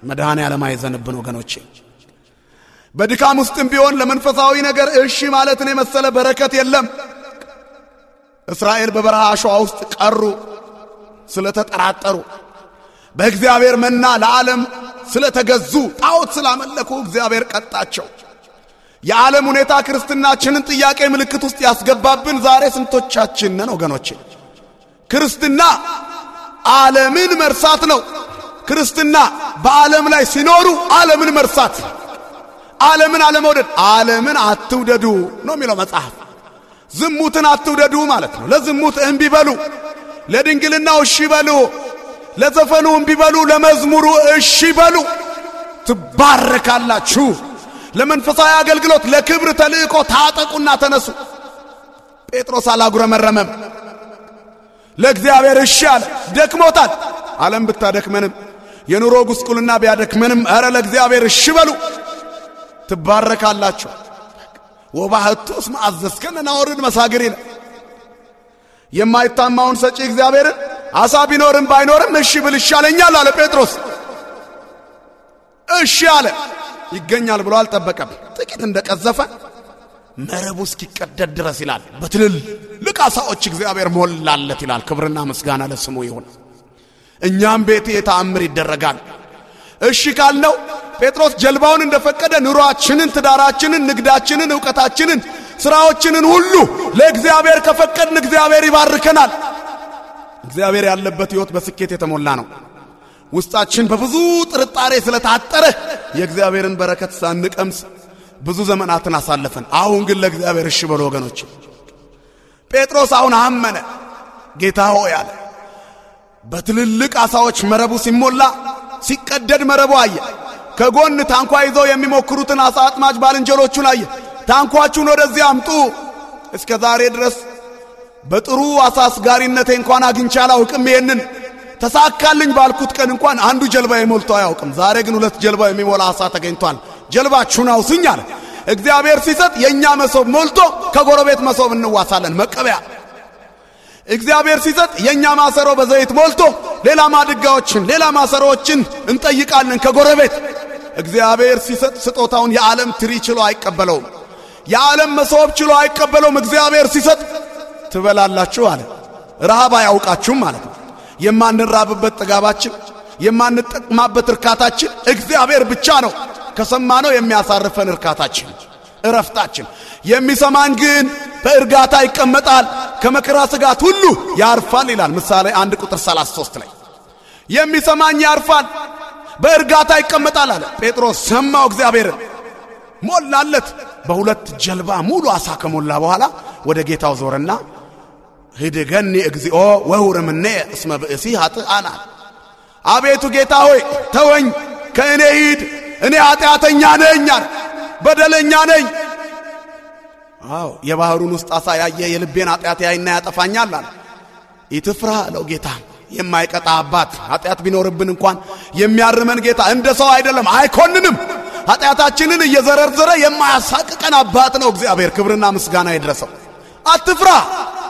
መድኃኔ ዓለም አይዘንብን ወገኖቼ። በድካም ውስጥም ቢሆን ለመንፈሳዊ ነገር እሺ ማለትን የመሰለ በረከት የለም። እስራኤል በበረሃ አሸዋ ውስጥ ቀሩ ስለተጠራጠሩ በእግዚአብሔር መና ለዓለም ስለተገዙ ጣዖት ስላመለኩ እግዚአብሔር ቀጣቸው። የዓለም ሁኔታ ክርስትናችንን ጥያቄ ምልክት ውስጥ ያስገባብን ዛሬ ስንቶቻችን ነን ወገኖቼ? ክርስትና ዓለምን መርሳት ነው። ክርስትና በዓለም ላይ ሲኖሩ ዓለምን መርሳት፣ ዓለምን አለመውደድ። ዓለምን አትውደዱ ነው የሚለው መጽሐፍ። ዝሙትን አትውደዱ ማለት ነው። ለዝሙት እምቢ በሉ፣ ለድንግልናው እሺ በሉ፣ ለዘፈኑ እምቢ በሉ፣ ለመዝሙሩ እሺ በሉ። ትባረካላችሁ። ለመንፈሳዊ አገልግሎት፣ ለክብር ተልእኮ ታጠቁና ተነሱ። ጴጥሮስ አላጉረመረመም። ለእግዚአብሔር እሺ አለ። ደክሞታል። ዓለም ብታደክመንም የኑሮ ጉስቁልና ቢያደክመንም፣ ኧረ ለእግዚአብሔር እሺ በሉ። ትባረካላችሁ። ወባሕቶስ መአዘዝከነ ናወርድ መሳግሪነ የማይታማውን ሰጪ እግዚአብሔርን አሳ ቢኖርም ባይኖርም እሺ ብል ይሻለኛል አለ ጴጥሮስ። እሺ አለ። ይገኛል ብሎ አልጠበቀም። ጥቂት እንደቀዘፈ መረቡ እስኪቀደድ ድረስ ይላል በትልልቅ አሳዎች እግዚአብሔር ሞላለት ይላል። ክብርና ምስጋና ለስሙ ይሁን። እኛም ቤት ተአምር ይደረጋል። እሺ ካልነው ጴጥሮስ ጀልባውን እንደፈቀደ ኑሯችንን፣ ትዳራችንን፣ ንግዳችንን፣ ዕውቀታችንን፣ ሥራዎችንን ሁሉ ለእግዚአብሔር ከፈቀድን እግዚአብሔር ይባርከናል። እግዚአብሔር ያለበት ሕይወት በስኬት የተሞላ ነው። ውስጣችን በብዙ ጥርጣሬ ስለታጠረ የእግዚአብሔርን በረከት ሳንቀምስ ብዙ ዘመናትን አሳለፈን። አሁን ግን ለእግዚአብሔር እሺ በሉ ወገኖች። ጴጥሮስ አሁን አመነ። ጌታ ሆይ አለ። በትልልቅ ዓሣዎች መረቡ ሲሞላ ሲቀደድ መረቡ አየ። ከጎን ታንኳ ይዘው የሚሞክሩትን ዓሣ አጥማጅ ባልንጀሮቹን አየ። ታንኳችሁን ወደዚህ አምጡ፣ እስከ ዛሬ ድረስ በጥሩ አሳስጋሪነቴ እንኳን አግኝቼ አላውቅም። ይሄንን ተሳካልኝ ባልኩት ቀን እንኳን አንዱ ጀልባ ሞልቶ አያውቅም። ዛሬ ግን ሁለት ጀልባ የሚሞላ አሳ ተገኝቷል። ጀልባችሁን አውስኝ አለ። እግዚአብሔር ሲሰጥ የእኛ መሶብ ሞልቶ ከጎረቤት መሶብ እንዋሳለን መቀበያ። እግዚአብሔር ሲሰጥ የእኛ ማሰሮ በዘይት ሞልቶ ሌላ ማድጋዎችን፣ ሌላ ማሰሮዎችን እንጠይቃለን ከጎረቤት። እግዚአብሔር ሲሰጥ ስጦታውን የዓለም ትሪ ችሎ አይቀበለውም። የዓለም መሶብ ችሎ አይቀበለውም። እግዚአብሔር ሲሰጥ ትበላላችሁ አለ። ረሃብ አያውቃችሁም ማለት ነው። የማንራብበት ጥጋባችን፣ የማንጠቅማበት እርካታችን እግዚአብሔር ብቻ ነው። ከሰማነው የሚያሳርፈን እርካታችን፣ እረፍታችን። የሚሰማን ግን በእርጋታ ይቀመጣል፣ ከመከራ ስጋት ሁሉ ያርፋል ይላል ምሳሌ አንድ ቁጥር 33 ላይ የሚሰማኝ ያርፋል በእርጋታ ይቀመጣል አለ። ጴጥሮስ ሰማው፣ እግዚአብሔርን ሞላለት። በሁለት ጀልባ ሙሉ አሳ ከሞላ በኋላ ወደ ጌታው ዞረና ህድገኒ እግዚኦ ወውርምኔ እስመ ብእሲ ኃጥአና አቤቱ ጌታ ሆይ ተወኝ፣ ከእኔ ሂድ፣ እኔ ኃጢአተኛ ነኝ፣ በደለኛ ነኝ። አዎ የባህሩን ውስጥ አሳ ያየ የልቤን ኃጢአት ያይና ያጠፋኛል አለ። ኢትፍራ አለው ጌታ። የማይቀጣ አባት ኃጢአት ቢኖርብን እንኳን የሚያርመን ጌታ እንደ ሰው አይደለም፣ አይኮንንም። ኃጢአታችንን እየዘረዘረ የማያሳቅቀን አባት ነው እግዚአብሔር። ክብርና ምስጋና ይድረሰው። አትፍራ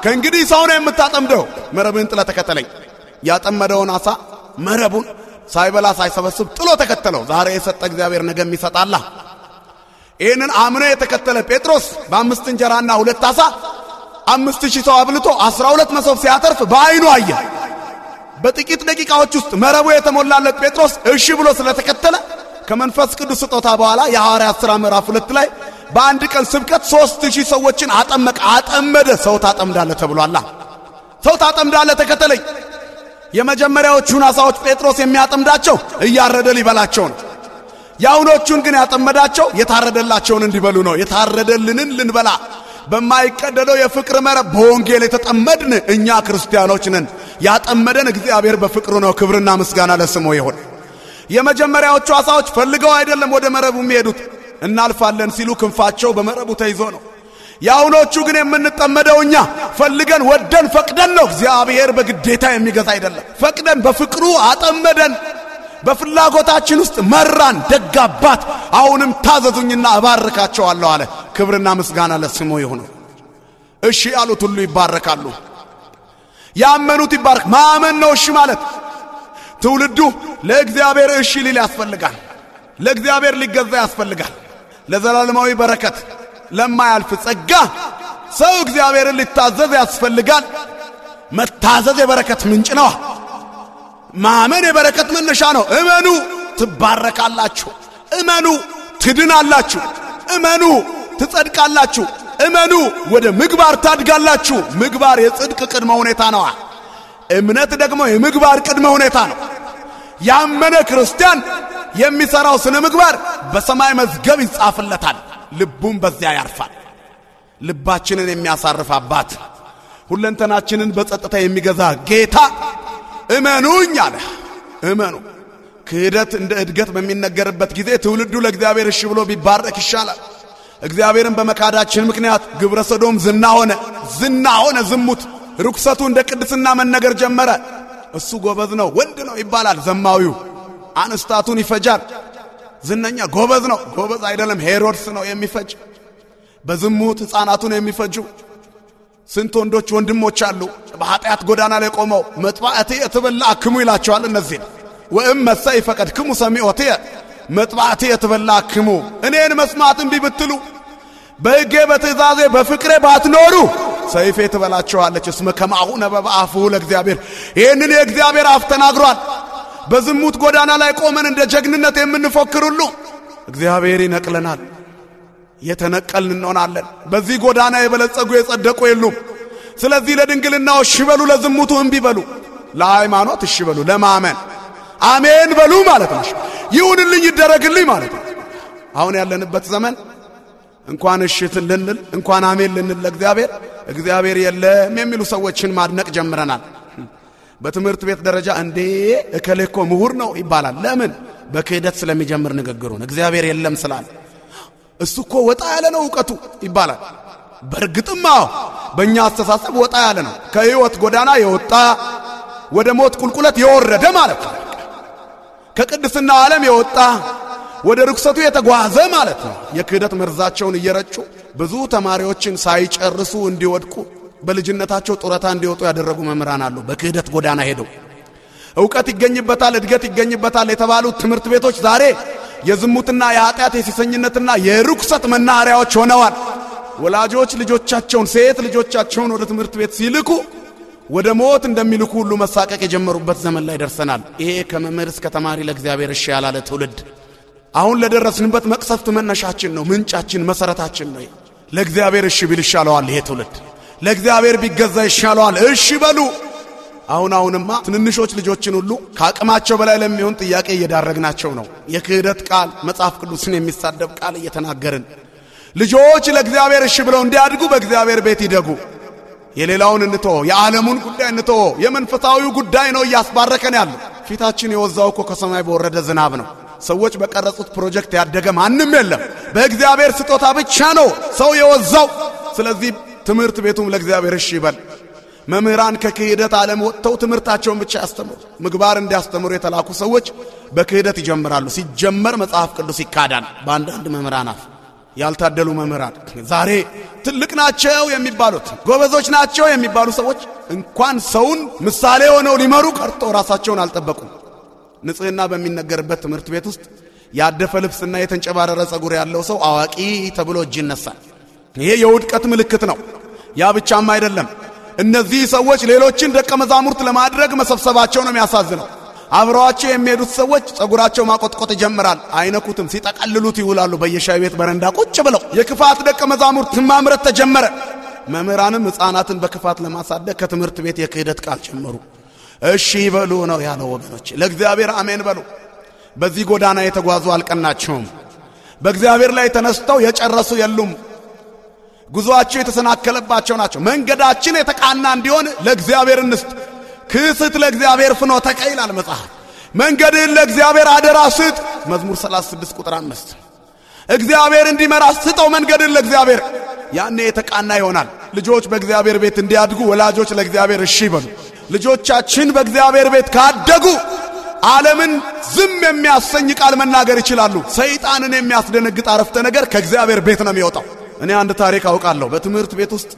ከእንግዲህ ሰው ነው የምታጠምደው። መረብህን ጥለ ተከተለኝ። ያጠመደውን አሳ መረቡን ሳይበላ ሳይሰበስብ ጥሎ ተከተለው። ዛሬ የሰጠ እግዚአብሔር ነገም ይሰጣላ። ይህንን አምነ የተከተለ ጴጥሮስ በአምስት እንጀራና ሁለት አሳ አምስት ሺህ ሰው አብልቶ አስራ ሁለት መሶብ ሲያተርፍ በአይኑ አየ። በጥቂት ደቂቃዎች ውስጥ መረቡ የተሞላለት ጴጥሮስ እሺ ብሎ ስለተከተለ ከመንፈስ ቅዱስ ስጦታ በኋላ የሐዋርያት ሥራ ምዕራፍ ሁለት ላይ በአንድ ቀን ስብከት ሦስት ሺህ ሰዎችን አጠመቀ። አጠመደ። ሰው ታጠምዳለ ተብሏላ። ሰው ታጠምዳለ ተከተለኝ። የመጀመሪያዎቹን አሳዎች ጴጥሮስ የሚያጠምዳቸው እያረደ ሊበላቸው ነው። የአሁኖቹን ግን ያጠመዳቸው የታረደላቸውን እንዲበሉ ነው። የታረደልንን ልንበላ በማይቀደደው የፍቅር መረብ በወንጌል የተጠመድን እኛ ክርስቲያኖች ነን። ያጠመደን እግዚአብሔር በፍቅሩ ነው። ክብርና ምስጋና ለስሙ ይሁን። የመጀመሪያዎቹ አሳዎች ፈልገው አይደለም ወደ መረቡ የሚሄዱት እናልፋለን ሲሉ ክንፋቸው በመረቡ ተይዞ ነው። የአውሎቹ ግን የምንጠመደው እኛ ፈልገን ወደን ፈቅደን ነው። እግዚአብሔር በግዴታ የሚገዛ አይደለም። ፈቅደን በፍቅሩ አጠመደን፣ በፍላጎታችን ውስጥ መራን። ደግ አባት አሁንም ታዘዙኝና እባርካቸዋለሁ አለ። ክብርና ምስጋና ለስሙ ይሁኑ። እሺ ያሉት ሁሉ ይባረካሉ። ያመኑት ይባረክ። ማመን ነው እሺ ማለት። ትውልዱ ለእግዚአብሔር እሺ ሊል ያስፈልጋል። ለእግዚአብሔር ሊገዛ ያስፈልጋል። ለዘላለማዊ በረከት ለማያልፍ ጸጋ ሰው እግዚአብሔርን ሊታዘዝ ያስፈልጋል። መታዘዝ የበረከት ምንጭ ነው። ማመን የበረከት መነሻ ነው። እመኑ ትባረካላችሁ፣ እመኑ ትድናላችሁ፣ እመኑ ትጸድቃላችሁ፣ እመኑ ወደ ምግባር ታድጋላችሁ። ምግባር የጽድቅ ቅድመ ሁኔታ ነዋ። እምነት ደግሞ የምግባር ቅድመ ሁኔታ ነው። ያመነ ክርስቲያን የሚሠራው ስነ ምግባር በሰማይ መዝገብ ይጻፍለታል፣ ልቡም በዚያ ያርፋል። ልባችንን የሚያሳርፍ አባት፣ ሁለንተናችንን በጸጥታ የሚገዛ ጌታ እመኑኝ አለ። እመኑ ክህደት እንደ እድገት በሚነገርበት ጊዜ ትውልዱ ለእግዚአብሔር እሺ ብሎ ቢባረክ ይሻላል። እግዚአብሔርን በመካዳችን ምክንያት ግብረ ሰዶም ዝና ሆነ፣ ዝና ሆነ ዝሙት። ርኩሰቱ እንደ ቅድስና መነገር ጀመረ። እሱ ጎበዝ ነው፣ ወንድ ነው ይባላል ዘማዊው አንስታቱን ይፈጃል። ዝነኛ ጎበዝ ነው፣ ጎበዝ አይደለም ሄሮድስ ነው የሚፈጅ። በዝሙት ሕፃናቱን የሚፈጁ ስንት ወንዶች ወንድሞች አሉ በኃጢአት ጎዳና ላይ ቆመው መጥባዕቴ የተበላ አክሙ ይላቸዋል። እነዚህ ወእም መሳይ ፈቀድ ክሙ ሰሚዖቴ መጥባዕቴ የተበላ አክሙ። እኔን መስማት እምቢ ብትሉ በሕጌ በትእዛዜ በፍቅሬ ባትኖሩ ሰይፌ ትበላቸዋለች። እስመ ከማሁ ነበበአፉ ለእግዚአብሔር ይህንን የእግዚአብሔር አፍ ተናግሯል። በዝሙት ጎዳና ላይ ቆመን እንደ ጀግንነት የምንፎክር ሁሉ እግዚአብሔር ይነቅለናል። የተነቀልን እንሆናለን። በዚህ ጎዳና የበለጸጉ የጸደቁ የሉም። ስለዚህ ለድንግልናው እሺ በሉ፣ ለዝሙቱ እምቢ በሉ፣ ለሃይማኖት እሺ በሉ፣ ለማመን አሜን በሉ ማለት ነው። ይሁንልኝ ይደረግልኝ ማለት ነው። አሁን ያለንበት ዘመን እንኳን እሽትን ልንል እንኳን አሜን ልንል ለእግዚአብሔር እግዚአብሔር የለም የሚሉ ሰዎችን ማድነቅ ጀምረናል። በትምህርት ቤት ደረጃ እንዴ እከሌ እኮ ምሁር ነው ይባላል። ለምን? በክህደት ስለሚጀምር ንግግሩን እግዚአብሔር የለም ስላለ እሱ እኮ ወጣ ያለ ነው እውቀቱ ይባላል። በእርግጥም አዎ በእኛ አስተሳሰብ ወጣ ያለ ነው። ከህይወት ጎዳና የወጣ ወደ ሞት ቁልቁለት የወረደ ማለት ነው። ከቅድስና ዓለም የወጣ ወደ ርኩሰቱ የተጓዘ ማለት ነው። የክህደት መርዛቸውን እየረጩ ብዙ ተማሪዎችን ሳይጨርሱ እንዲወድቁ በልጅነታቸው ጡረታ እንዲወጡ ያደረጉ መምህራን አሉ። በክህደት ጎዳና ሄደው እውቀት ይገኝበታል፣ እድገት ይገኝበታል የተባሉት ትምህርት ቤቶች ዛሬ የዝሙትና የኃጢአት የሴሰኝነትና የርኩሰት መናኸሪያዎች ሆነዋል። ወላጆች ልጆቻቸውን ሴት ልጆቻቸውን ወደ ትምህርት ቤት ሲልኩ ወደ ሞት እንደሚልኩ ሁሉ መሳቀቅ የጀመሩበት ዘመን ላይ ደርሰናል። ይሄ ከመምህር እስከ ተማሪ ለእግዚአብሔር እሺ ያላለ ትውልድ አሁን ለደረስንበት መቅሰፍት መነሻችን ነው፣ ምንጫችን፣ መሠረታችን ነው። ለእግዚአብሔር እሺ ቢል ይሻለዋል ይሄ ትውልድ። ለእግዚአብሔር ቢገዛ ይሻለዋል። እሺ በሉ። አሁን አሁንማ ትንንሾች ልጆችን ሁሉ ከአቅማቸው በላይ ለሚሆን ጥያቄ እየዳረግናቸው ነው። የክህደት ቃል፣ መጽሐፍ ቅዱስን የሚሳደብ ቃል እየተናገርን ልጆች ለእግዚአብሔር እሺ ብለው እንዲያድጉ በእግዚአብሔር ቤት ይደጉ። የሌላውን እንቶ፣ የዓለሙን ጉዳይ እንቶ፣ የመንፈሳዊው ጉዳይ ነው እያስባረከን ያለ። ፊታችን የወዛው እኮ ከሰማይ በወረደ ዝናብ ነው። ሰዎች በቀረጹት ፕሮጀክት ያደገ ማንም የለም። በእግዚአብሔር ስጦታ ብቻ ነው ሰው የወዛው። ስለዚህ ትምህርት ቤቱም ለእግዚአብሔር እሺ ይበል። መምህራን ከክህደት ዓለም ወጥተው ትምህርታቸውን ብቻ ያስተምሩ። ምግባር እንዲያስተምሩ የተላኩ ሰዎች በክህደት ይጀምራሉ። ሲጀመር መጽሐፍ ቅዱስ ይካዳል። በአንዳንድ መምህራን አፍ ያልታደሉ መምህራን ዛሬ ትልቅ ናቸው የሚባሉት ጎበዞች ናቸው የሚባሉ ሰዎች እንኳን ሰውን ምሳሌ ሆነው ሊመሩ ቀርቶ ራሳቸውን አልጠበቁም። ንጽህና በሚነገርበት ትምህርት ቤት ውስጥ ያደፈ ልብስና የተንጨባረረ ጸጉር ያለው ሰው አዋቂ ተብሎ እጅ ይነሳል። ይሄ የውድቀት ምልክት ነው። ያ ብቻም አይደለም። እነዚህ ሰዎች ሌሎችን ደቀ መዛሙርት ለማድረግ መሰብሰባቸው ነው የሚያሳዝነው። አብረዋቸው የሚሄዱት ሰዎች ጸጉራቸው ማቆጥቆጥ ይጀምራል። አይነኩትም፣ ሲጠቀልሉት ይውላሉ። በየሻይ ቤት በረንዳ ቁጭ ብለው የክፋት ደቀ መዛሙርት ማምረት ተጀመረ። መምህራንም ሕፃናትን በክፋት ለማሳደግ ከትምህርት ቤት የክህደት ቃል ጀመሩ። እሺ በሉ ነው ያለው። ወገኖች ለእግዚአብሔር አሜን በሉ። በዚህ ጎዳና የተጓዙ አልቀናቸውም። በእግዚአብሔር ላይ ተነስተው የጨረሱ የሉም። ጉዞአቸው የተሰናከለባቸው ናቸው። መንገዳችን የተቃና እንዲሆን ለእግዚአብሔር እንስጥ። ክስት ለእግዚአብሔር ፍኖተ ቀይ ይላል መጽሐፍ። መንገድህን ለእግዚአብሔር አደራ ስጥ፣ መዝሙር 36 ቁጥር 5። እግዚአብሔር እንዲመራ ስጠው መንገድን ለእግዚአብሔር፣ ያኔ የተቃና ይሆናል። ልጆች በእግዚአብሔር ቤት እንዲያድጉ ወላጆች ለእግዚአብሔር እሺ ይበሉ። ልጆቻችን በእግዚአብሔር ቤት ካደጉ ዓለምን ዝም የሚያሰኝ ቃል መናገር ይችላሉ። ሰይጣንን የሚያስደነግጥ አረፍተ ነገር ከእግዚአብሔር ቤት ነው የሚወጣው። እኔ አንድ ታሪክ አውቃለሁ። በትምህርት ቤት ውስጥ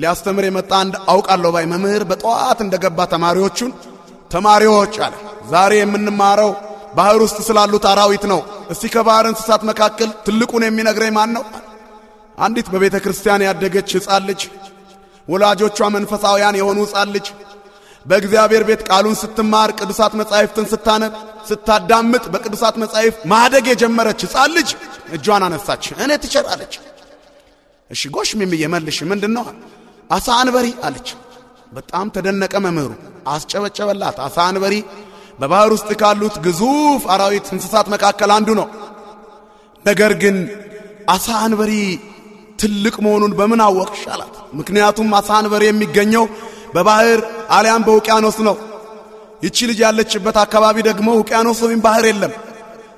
ሊያስተምር የመጣ አንድ አውቃለሁ ባይ መምህር በጠዋት እንደገባ ተማሪዎቹን ተማሪዎች አለ፣ ዛሬ የምንማረው ባህር ውስጥ ስላሉት አራዊት ነው። እስቲ ከባህር እንስሳት መካከል ትልቁን የሚነግረኝ ማን ነው? አንዲት በቤተ ክርስቲያን ያደገች ሕፃን ልጅ፣ ወላጆቿ መንፈሳውያን የሆኑ ሕፃን ልጅ በእግዚአብሔር ቤት ቃሉን ስትማር፣ ቅዱሳት መጻሕፍትን ስታነብ፣ ስታዳምጥ፣ በቅዱሳት መጻሕፍት ማደግ የጀመረች ሕፃን ልጅ እጇን አነሳች። እኔ ትችላለች እሺ ጎሽ ሚሚ የመልሽ ምንድን ነው አሳ አንበሪ አለች በጣም ተደነቀ መምህሩ አስጨበጨበላት አሳ አንበሪ በባህር ውስጥ ካሉት ግዙፍ አራዊት እንስሳት መካከል አንዱ ነው ነገር ግን አሳ አንበሪ ትልቅ መሆኑን በምን አወቅሽ አላት ምክንያቱም አሳ አንበሪ የሚገኘው በባህር አሊያም በውቅያኖስ ነው ይቺ ልጅ ያለችበት አካባቢ ደግሞ ውቅያኖስ ወይም ባህር የለም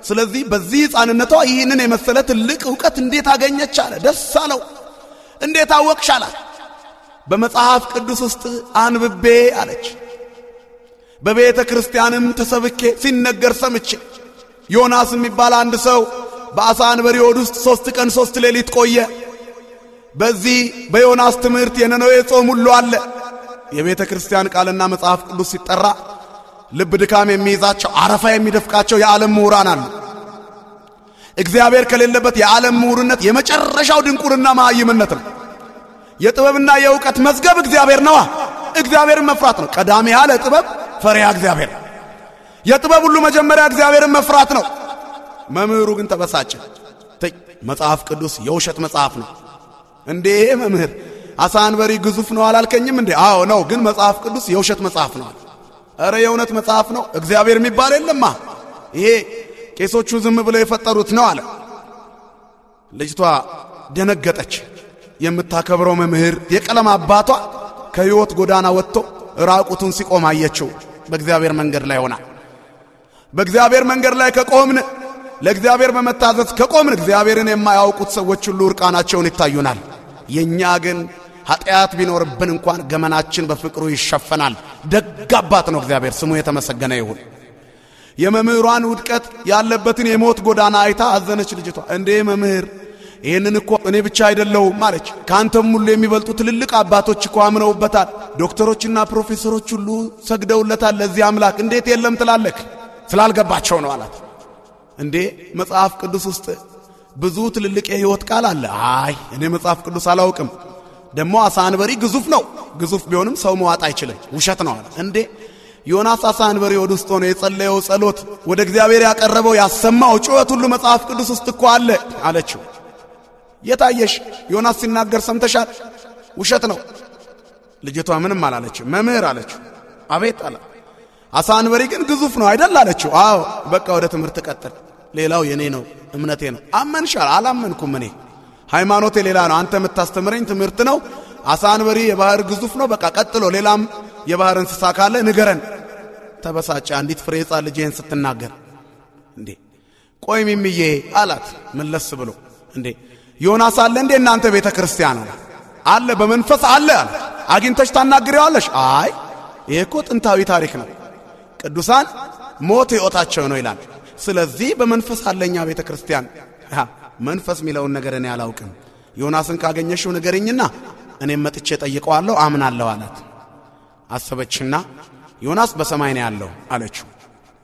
ስለዚህ በዚህ ህፃንነቷ ይህንን የመሰለ ትልቅ እውቀት እንዴት አገኘች አለ ደስ አለው እንዴት አወቅሽ አላት። በመጽሐፍ ቅዱስ ውስጥ አንብቤ አለች። በቤተ ክርስቲያንም ተሰብኬ ሲነገር ሰምቼ ዮናስ የሚባል አንድ ሰው በአሳ አንበሪ ሆድ ውስጥ ሦስት ቀን ሦስት ሌሊት ቆየ። በዚህ በዮናስ ትምህርት የነነዌ ጾም ሁሉ አለ። የቤተ ክርስቲያን ቃልና መጽሐፍ ቅዱስ ሲጠራ ልብ ድካም የሚይዛቸው አረፋ የሚደፍቃቸው የዓለም ምሁራን አሉ። እግዚአብሔር ከሌለበት የዓለም ምሁርነት የመጨረሻው ድንቁርና መሃይምነት ነው። የጥበብና የእውቀት መዝገብ እግዚአብሔር ነዋ። እግዚአብሔርን መፍራት ነው። ቀዳሚ ያለ ጥበብ ፈሪያ እግዚአብሔር። የጥበብ ሁሉ መጀመሪያ እግዚአብሔርን መፍራት ነው። መምህሩ ግን ተበሳጨ። መጽሐፍ ቅዱስ የውሸት መጽሐፍ ነው እንዴ መምህር አሳ አንበሪ ግዙፍ ነው አላልከኝም እንዴ? አዎ ነው፣ ግን መጽሐፍ ቅዱስ የውሸት መጽሐፍ ነው። ኧረ የእውነት መጽሐፍ ነው። እግዚአብሔር የሚባል የለማ። ይሄ ቄሶቹ ዝም ብለው የፈጠሩት ነው አለ። ልጅቷ ደነገጠች። የምታከብረው መምህር የቀለም አባቷ ከሕይወት ጎዳና ወጥቶ ራቁቱን ሲቆም አየችው። በእግዚአብሔር መንገድ ላይ ሆና በእግዚአብሔር መንገድ ላይ ከቆምን ለእግዚአብሔር በመታዘዝ ከቆምን እግዚአብሔርን የማያውቁት ሰዎች ሁሉ እርቃናቸውን ይታዩናል። የእኛ ግን ኀጢአት ቢኖርብን እንኳን ገመናችን በፍቅሩ ይሸፈናል። ደግ አባት ነው እግዚአብሔር፣ ስሙ የተመሰገነ ይሁን። የመምህሯን ውድቀት ያለበትን የሞት ጎዳና አይታ አዘነች። ልጅቷ እንዴ መምህር ይህንን እኮ እኔ ብቻ አይደለሁም አለች። ከአንተም ሁሉ የሚበልጡ ትልልቅ አባቶች እኮ አምነውበታል። ዶክተሮችና ፕሮፌሰሮች ሁሉ ሰግደውለታል ለዚህ አምላክ። እንዴት የለም ትላለክ? ስላልገባቸው ነው አላት። እንዴ መጽሐፍ ቅዱስ ውስጥ ብዙ ትልልቅ የሕይወት ቃል አለ። አይ እኔ መጽሐፍ ቅዱስ አላውቅም። ደግሞ አሳ አንበሪ ግዙፍ ነው። ግዙፍ ቢሆንም ሰው መዋጥ አይችልም። ውሸት ነው አለ። እንዴ ዮናስ አሳ አንበሪ ሆድ ውስጥ ሆኖ የጸለየው ጸሎት፣ ወደ እግዚአብሔር ያቀረበው ያሰማው ጩኸት ሁሉ መጽሐፍ ቅዱስ ውስጥ እኮ አለ አለችው። የታየሽ ዮናስ ሲናገር ሰምተሻል? ውሸት ነው። ልጅቷ ምንም አላለችው። መምህር አለችው። አቤት አለ። አሳ አንበሪ ግን ግዙፍ ነው አይደል አለችው። አዎ በቃ ወደ ትምህርት ቀጥል፣ ሌላው የኔ ነው፣ እምነቴ ነው። አመንሻል? አላመንኩም። እኔ ሃይማኖቴ ሌላ ነው። አንተ የምታስተምረኝ ትምህርት ነው። አሳ አንበሪ የባህር ግዙፍ ነው። በቃ ቀጥሎ ሌላም የባህር እንስሳ ካለ ንገረን። ተበሳጨ። አንዲት ፍሬ ሕፃን ልጅህን ስትናገር እንዴ ቆይ ሚሚዬ አላት መለስ ብሎ እንዴ ዮናስ አለ እንዴ እናንተ ቤተ ክርስቲያን አለ አለ በመንፈስ አለ አለ አግኝተሽ ታናግሪዋለሽ። አይ ይሄ እኮ ጥንታዊ ታሪክ ነው። ቅዱሳን ሞት ሕይወታቸው ነው ይላል። ስለዚህ በመንፈስ አለኛ ቤተ ክርስቲያን መንፈስ የሚለውን ነገር እኔ አላውቅም። ዮናስን ካገኘሽው ንገርኝና እኔም መጥቼ ጠይቀዋለሁ አምናለሁ አላት። አሰበችና ዮናስ በሰማይ ነው ያለው አለችው።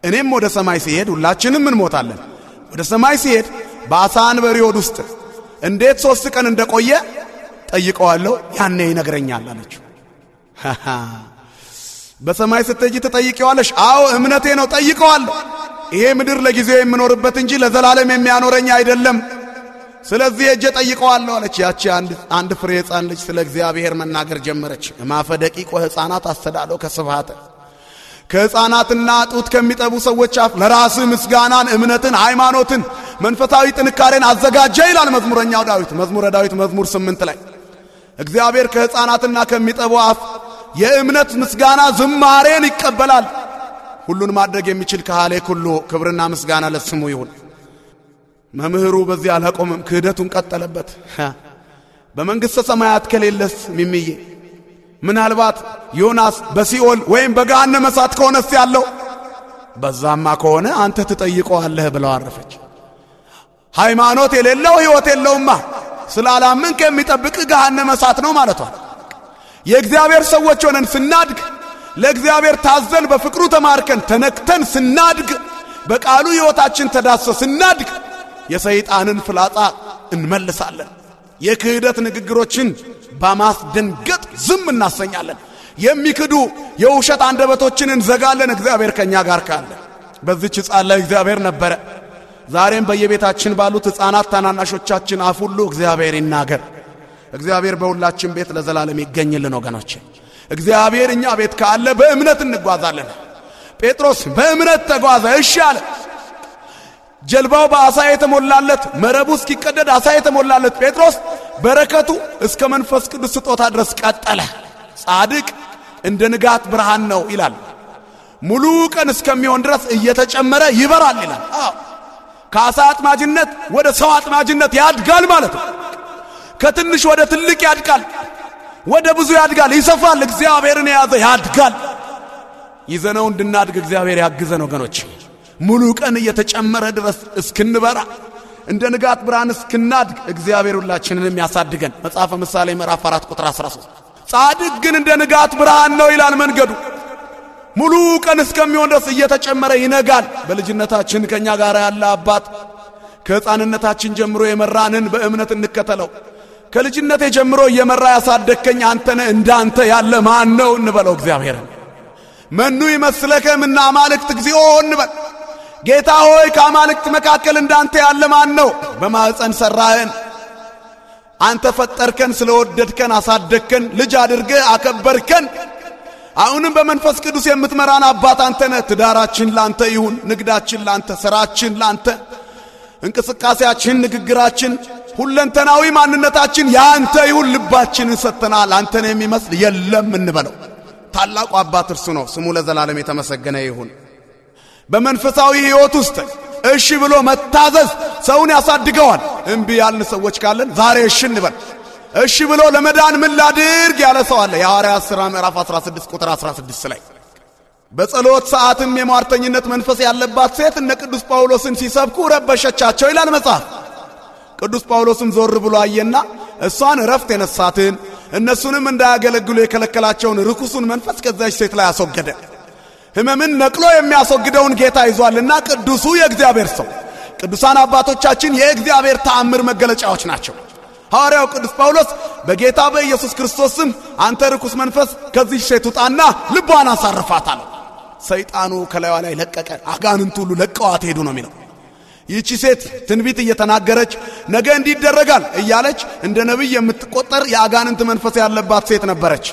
እኔም ወደ ሰማይ ሲሄድ ሁላችንም እንሞታለን። ወደ ሰማይ ሲሄድ በአሳ አንበሪ ሆድ ውስጥ እንዴት ሦስት ቀን እንደቆየ ጠይቀዋለሁ፣ ያኔ ይነግረኛል አለችው። በሰማይ ስትሄጂ ትጠይቀዋለሽ? አዎ እምነቴ ነው ጠይቀዋለሁ። ይሄ ምድር ለጊዜው የምኖርበት እንጂ ለዘላለም የሚያኖረኝ አይደለም ስለዚህ እጄ ጠይቀዋለሁ አለች። ያቺ አንድ ፍሬ ሕፃን ልጅ ስለ እግዚአብሔር መናገር ጀመረች። ማፈ ደቂቆ ሕፃናት አስተዳሎ ከስብሃተ ከሕፃናትና ጡት ከሚጠቡ ሰዎች አፍ ለራስ ምስጋናን፣ እምነትን፣ ሃይማኖትን፣ መንፈሳዊ ጥንካሬን አዘጋጀ ይላል መዝሙረኛው ዳዊት። መዝሙረ ዳዊት መዝሙር ስምንት ላይ እግዚአብሔር ከሕፃናትና ከሚጠቡ አፍ የእምነት ምስጋና ዝማሬን ይቀበላል። ሁሉን ማድረግ የሚችል ከሃሌ ኩሉ ክብርና ምስጋና ለስሙ ይሁን። መምህሩ በዚህ አላቆመም፣ ክህደቱን ቀጠለበት። በመንግሥተ ሰማያት ከሌለስ ሚሚዬ ምናልባት ዮናስ በሲኦል ወይም በገሃነመ እሳት ከሆነስ ያለው በዛማ ከሆነ አንተ ትጠይቀዋለህ ብለው አረፈች። ሃይማኖት የሌለው ሕይወት የለውማ ስላላመንክ የሚጠብቅ ገሃነመ እሳት ነው ማለቷል። የእግዚአብሔር ሰዎች ሆነን ስናድግ ለእግዚአብሔር ታዘን በፍቅሩ ተማርከን ተነክተን ስናድግ በቃሉ ሕይወታችን ተዳሰ ስናድግ የሰይጣንን ፍላጻ እንመልሳለን። የክህደት ንግግሮችን በማስደንገጥ ዝም እናሰኛለን። የሚክዱ የውሸት አንደበቶችን እንዘጋለን። እግዚአብሔር ከእኛ ጋር ካለ በዚች ሕፃን ላይ እግዚአብሔር ነበረ። ዛሬም በየቤታችን ባሉት ሕፃናት ታናናሾቻችን አፍ ሁሉ እግዚአብሔር ይናገር። እግዚአብሔር በሁላችን ቤት ለዘላለም ይገኝልን። ወገኖች እግዚአብሔር እኛ ቤት ካለ በእምነት እንጓዛለን። ጴጥሮስ በእምነት ተጓዘ፣ እሺ አለ። ጀልባው በአሳ የተሞላለት መረቡ እስኪቀደድ አሳ የተሞላለት ጴጥሮስ በረከቱ እስከ መንፈስ ቅዱስ ስጦታ ድረስ ቀጠለ። ጻድቅ እንደ ንጋት ብርሃን ነው ይላል። ሙሉ ቀን እስከሚሆን ድረስ እየተጨመረ ይበራል ይላል። አዎ ከአሳ አጥማጅነት ወደ ሰው አጥማጅነት ያድጋል ማለት ነው። ከትንሽ ወደ ትልቅ ያድጋል፣ ወደ ብዙ ያድጋል፣ ይሰፋል። እግዚአብሔርን የያዘ ያድጋል። ይዘነው እንድናድግ እግዚአብሔር ያግዘን ወገኖች። ሙሉ ቀን እየተጨመረ ድረስ እስክንበራ እንደ ንጋት ብርሃን እስክናድግ እግዚአብሔር ሁላችንንም ያሳድገን። መጽሐፈ ምሳሌ ምዕራፍ 4 ቁጥር 13 ጻድቅ ግን እንደ ንጋት ብርሃን ነው ይላል መንገዱ ሙሉ ቀን እስከሚሆን ድረስ እየተጨመረ ይነጋል። በልጅነታችን ከእኛ ጋር ያለ አባት ከሕፃንነታችን ጀምሮ የመራንን በእምነት እንከተለው። ከልጅነቴ ጀምሮ እየመራ ያሳደግከኝ አንተነ እንዳንተ ያለ ማን ነው እንበለው። እግዚአብሔርን መኑ ይመስለከ ምና አማልክት እግዚኦ እንበል። ጌታ ሆይ ከአማልክት መካከል እንዳንተ ያለ ማን ነው? በማኅፀን ሠራህን፣ አንተ ፈጠርከን፣ ስለወደድከን፣ አሳደግከን፣ ልጅ አድርገህ አከበርከን። አሁንም በመንፈስ ቅዱስ የምትመራን አባት አንተ ነህ። ትዳራችን ላንተ ይሁን፣ ንግዳችን ላንተ፣ ሥራችን ላንተ፣ እንቅስቃሴያችን፣ ንግግራችን፣ ሁለንተናዊ ማንነታችን ያንተ ይሁን። ልባችንን ሰጥተናል፣ አንተን የሚመስል የለም እንበለው። ታላቁ አባት እርሱ ነው። ስሙ ለዘላለም የተመሰገነ ይሁን። በመንፈሳዊ ሕይወት ውስጥ እሺ ብሎ መታዘዝ ሰውን ያሳድገዋል። እምቢ ያልን ሰዎች ካለን ዛሬ እሺ እንበል። እሺ ብሎ ለመዳን ምን ላድርግ ያለ ሰው አለ። የሐዋርያት ሥራ ምዕራፍ 16 ቁጥር 16 ላይ በጸሎት ሰዓትም የሟርተኝነት መንፈስ ያለባት ሴት እነ ቅዱስ ጳውሎስን ሲሰብኩ ረበሸቻቸው ይላል መጽሐፍ። ቅዱስ ጳውሎስም ዞር ብሎ አየና እሷን እረፍት የነሳትን እነሱንም እንዳያገለግሉ የከለከላቸውን ርኩሱን መንፈስ ከዛች ሴት ላይ አስወገደ። ህመምን ነቅሎ የሚያስወግደውን ጌታ ይዟልና ቅዱሱ የእግዚአብሔር ሰው። ቅዱሳን አባቶቻችን የእግዚአብሔር ተአምር መገለጫዎች ናቸው። ሐዋርያው ቅዱስ ጳውሎስ በጌታ በኢየሱስ ክርስቶስ ስም አንተ ርኩስ መንፈስ ከዚህ ሴት ውጣና ልቧን አሳርፋት አለው። ሰይጣኑ ከላይዋ ላይ ለቀቀ። አጋንንት ሁሉ ለቀዋት ሄዱ ነው የሚለው። ይቺ ሴት ትንቢት እየተናገረች ነገ እንዲደረጋል እያለች እንደ ነቢይ የምትቆጠር የአጋንንት መንፈስ ያለባት ሴት ነበረች።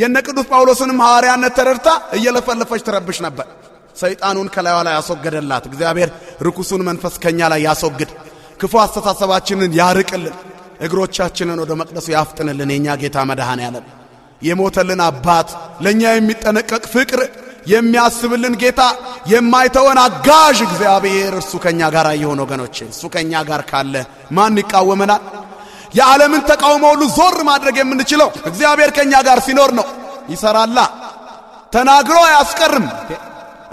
የነ ቅዱስ ጳውሎስንም ሐዋርያነት ተረድታ እየለፈለፈች ትረብሽ ነበር። ሰይጣኑን ከላይዋ ላይ ያስወገደላት። እግዚአብሔር ርኩሱን መንፈስ ከኛ ላይ ያስወግድ፣ ክፉ አስተሳሰባችንን ያርቅልን፣ እግሮቻችንን ወደ መቅደሱ ያፍጥንልን። የእኛ ጌታ መድኃን ያለን የሞተልን አባት፣ ለእኛ የሚጠነቀቅ ፍቅር የሚያስብልን ጌታ፣ የማይተወን አጋዥ እግዚአብሔር እርሱ ከኛ ጋር የሆነ ወገኖቼ፣ እሱ ከኛ ጋር ካለ ማን ይቃወመናል? የዓለምን ተቃውሞ ሁሉ ዞር ማድረግ የምንችለው እግዚአብሔር ከእኛ ጋር ሲኖር ነው። ይሰራላ። ተናግሮ አያስቀርም።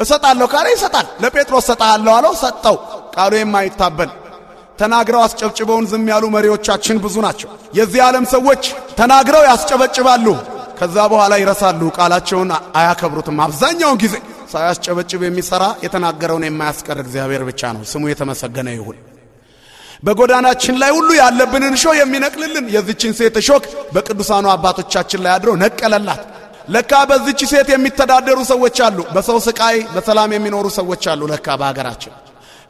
እሰጣለሁ ካለ ይሰጣል። ለጴጥሮስ እሰጥሃለሁ አለው፣ ሰጠው። ቃሉ የማይታበል ተናግረው አስጨብጭበውን ዝም ያሉ መሪዎቻችን ብዙ ናቸው። የዚህ ዓለም ሰዎች ተናግረው ያስጨበጭባሉ፣ ከዛ በኋላ ይረሳሉ። ቃላቸውን አያከብሩትም። አብዛኛውን ጊዜ ሳያስጨበጭብ የሚሠራ የተናገረውን የማያስቀር እግዚአብሔር ብቻ ነው። ስሙ የተመሰገነ ይሁን። በጎዳናችን ላይ ሁሉ ያለብንን እሾህ የሚነቅልልን የዚችን ሴት እሾክ በቅዱሳኑ አባቶቻችን ላይ አድሮ ነቀለላት። ለካ በዚች ሴት የሚተዳደሩ ሰዎች አሉ። በሰው ስቃይ በሰላም የሚኖሩ ሰዎች አሉ። ለካ በሀገራችን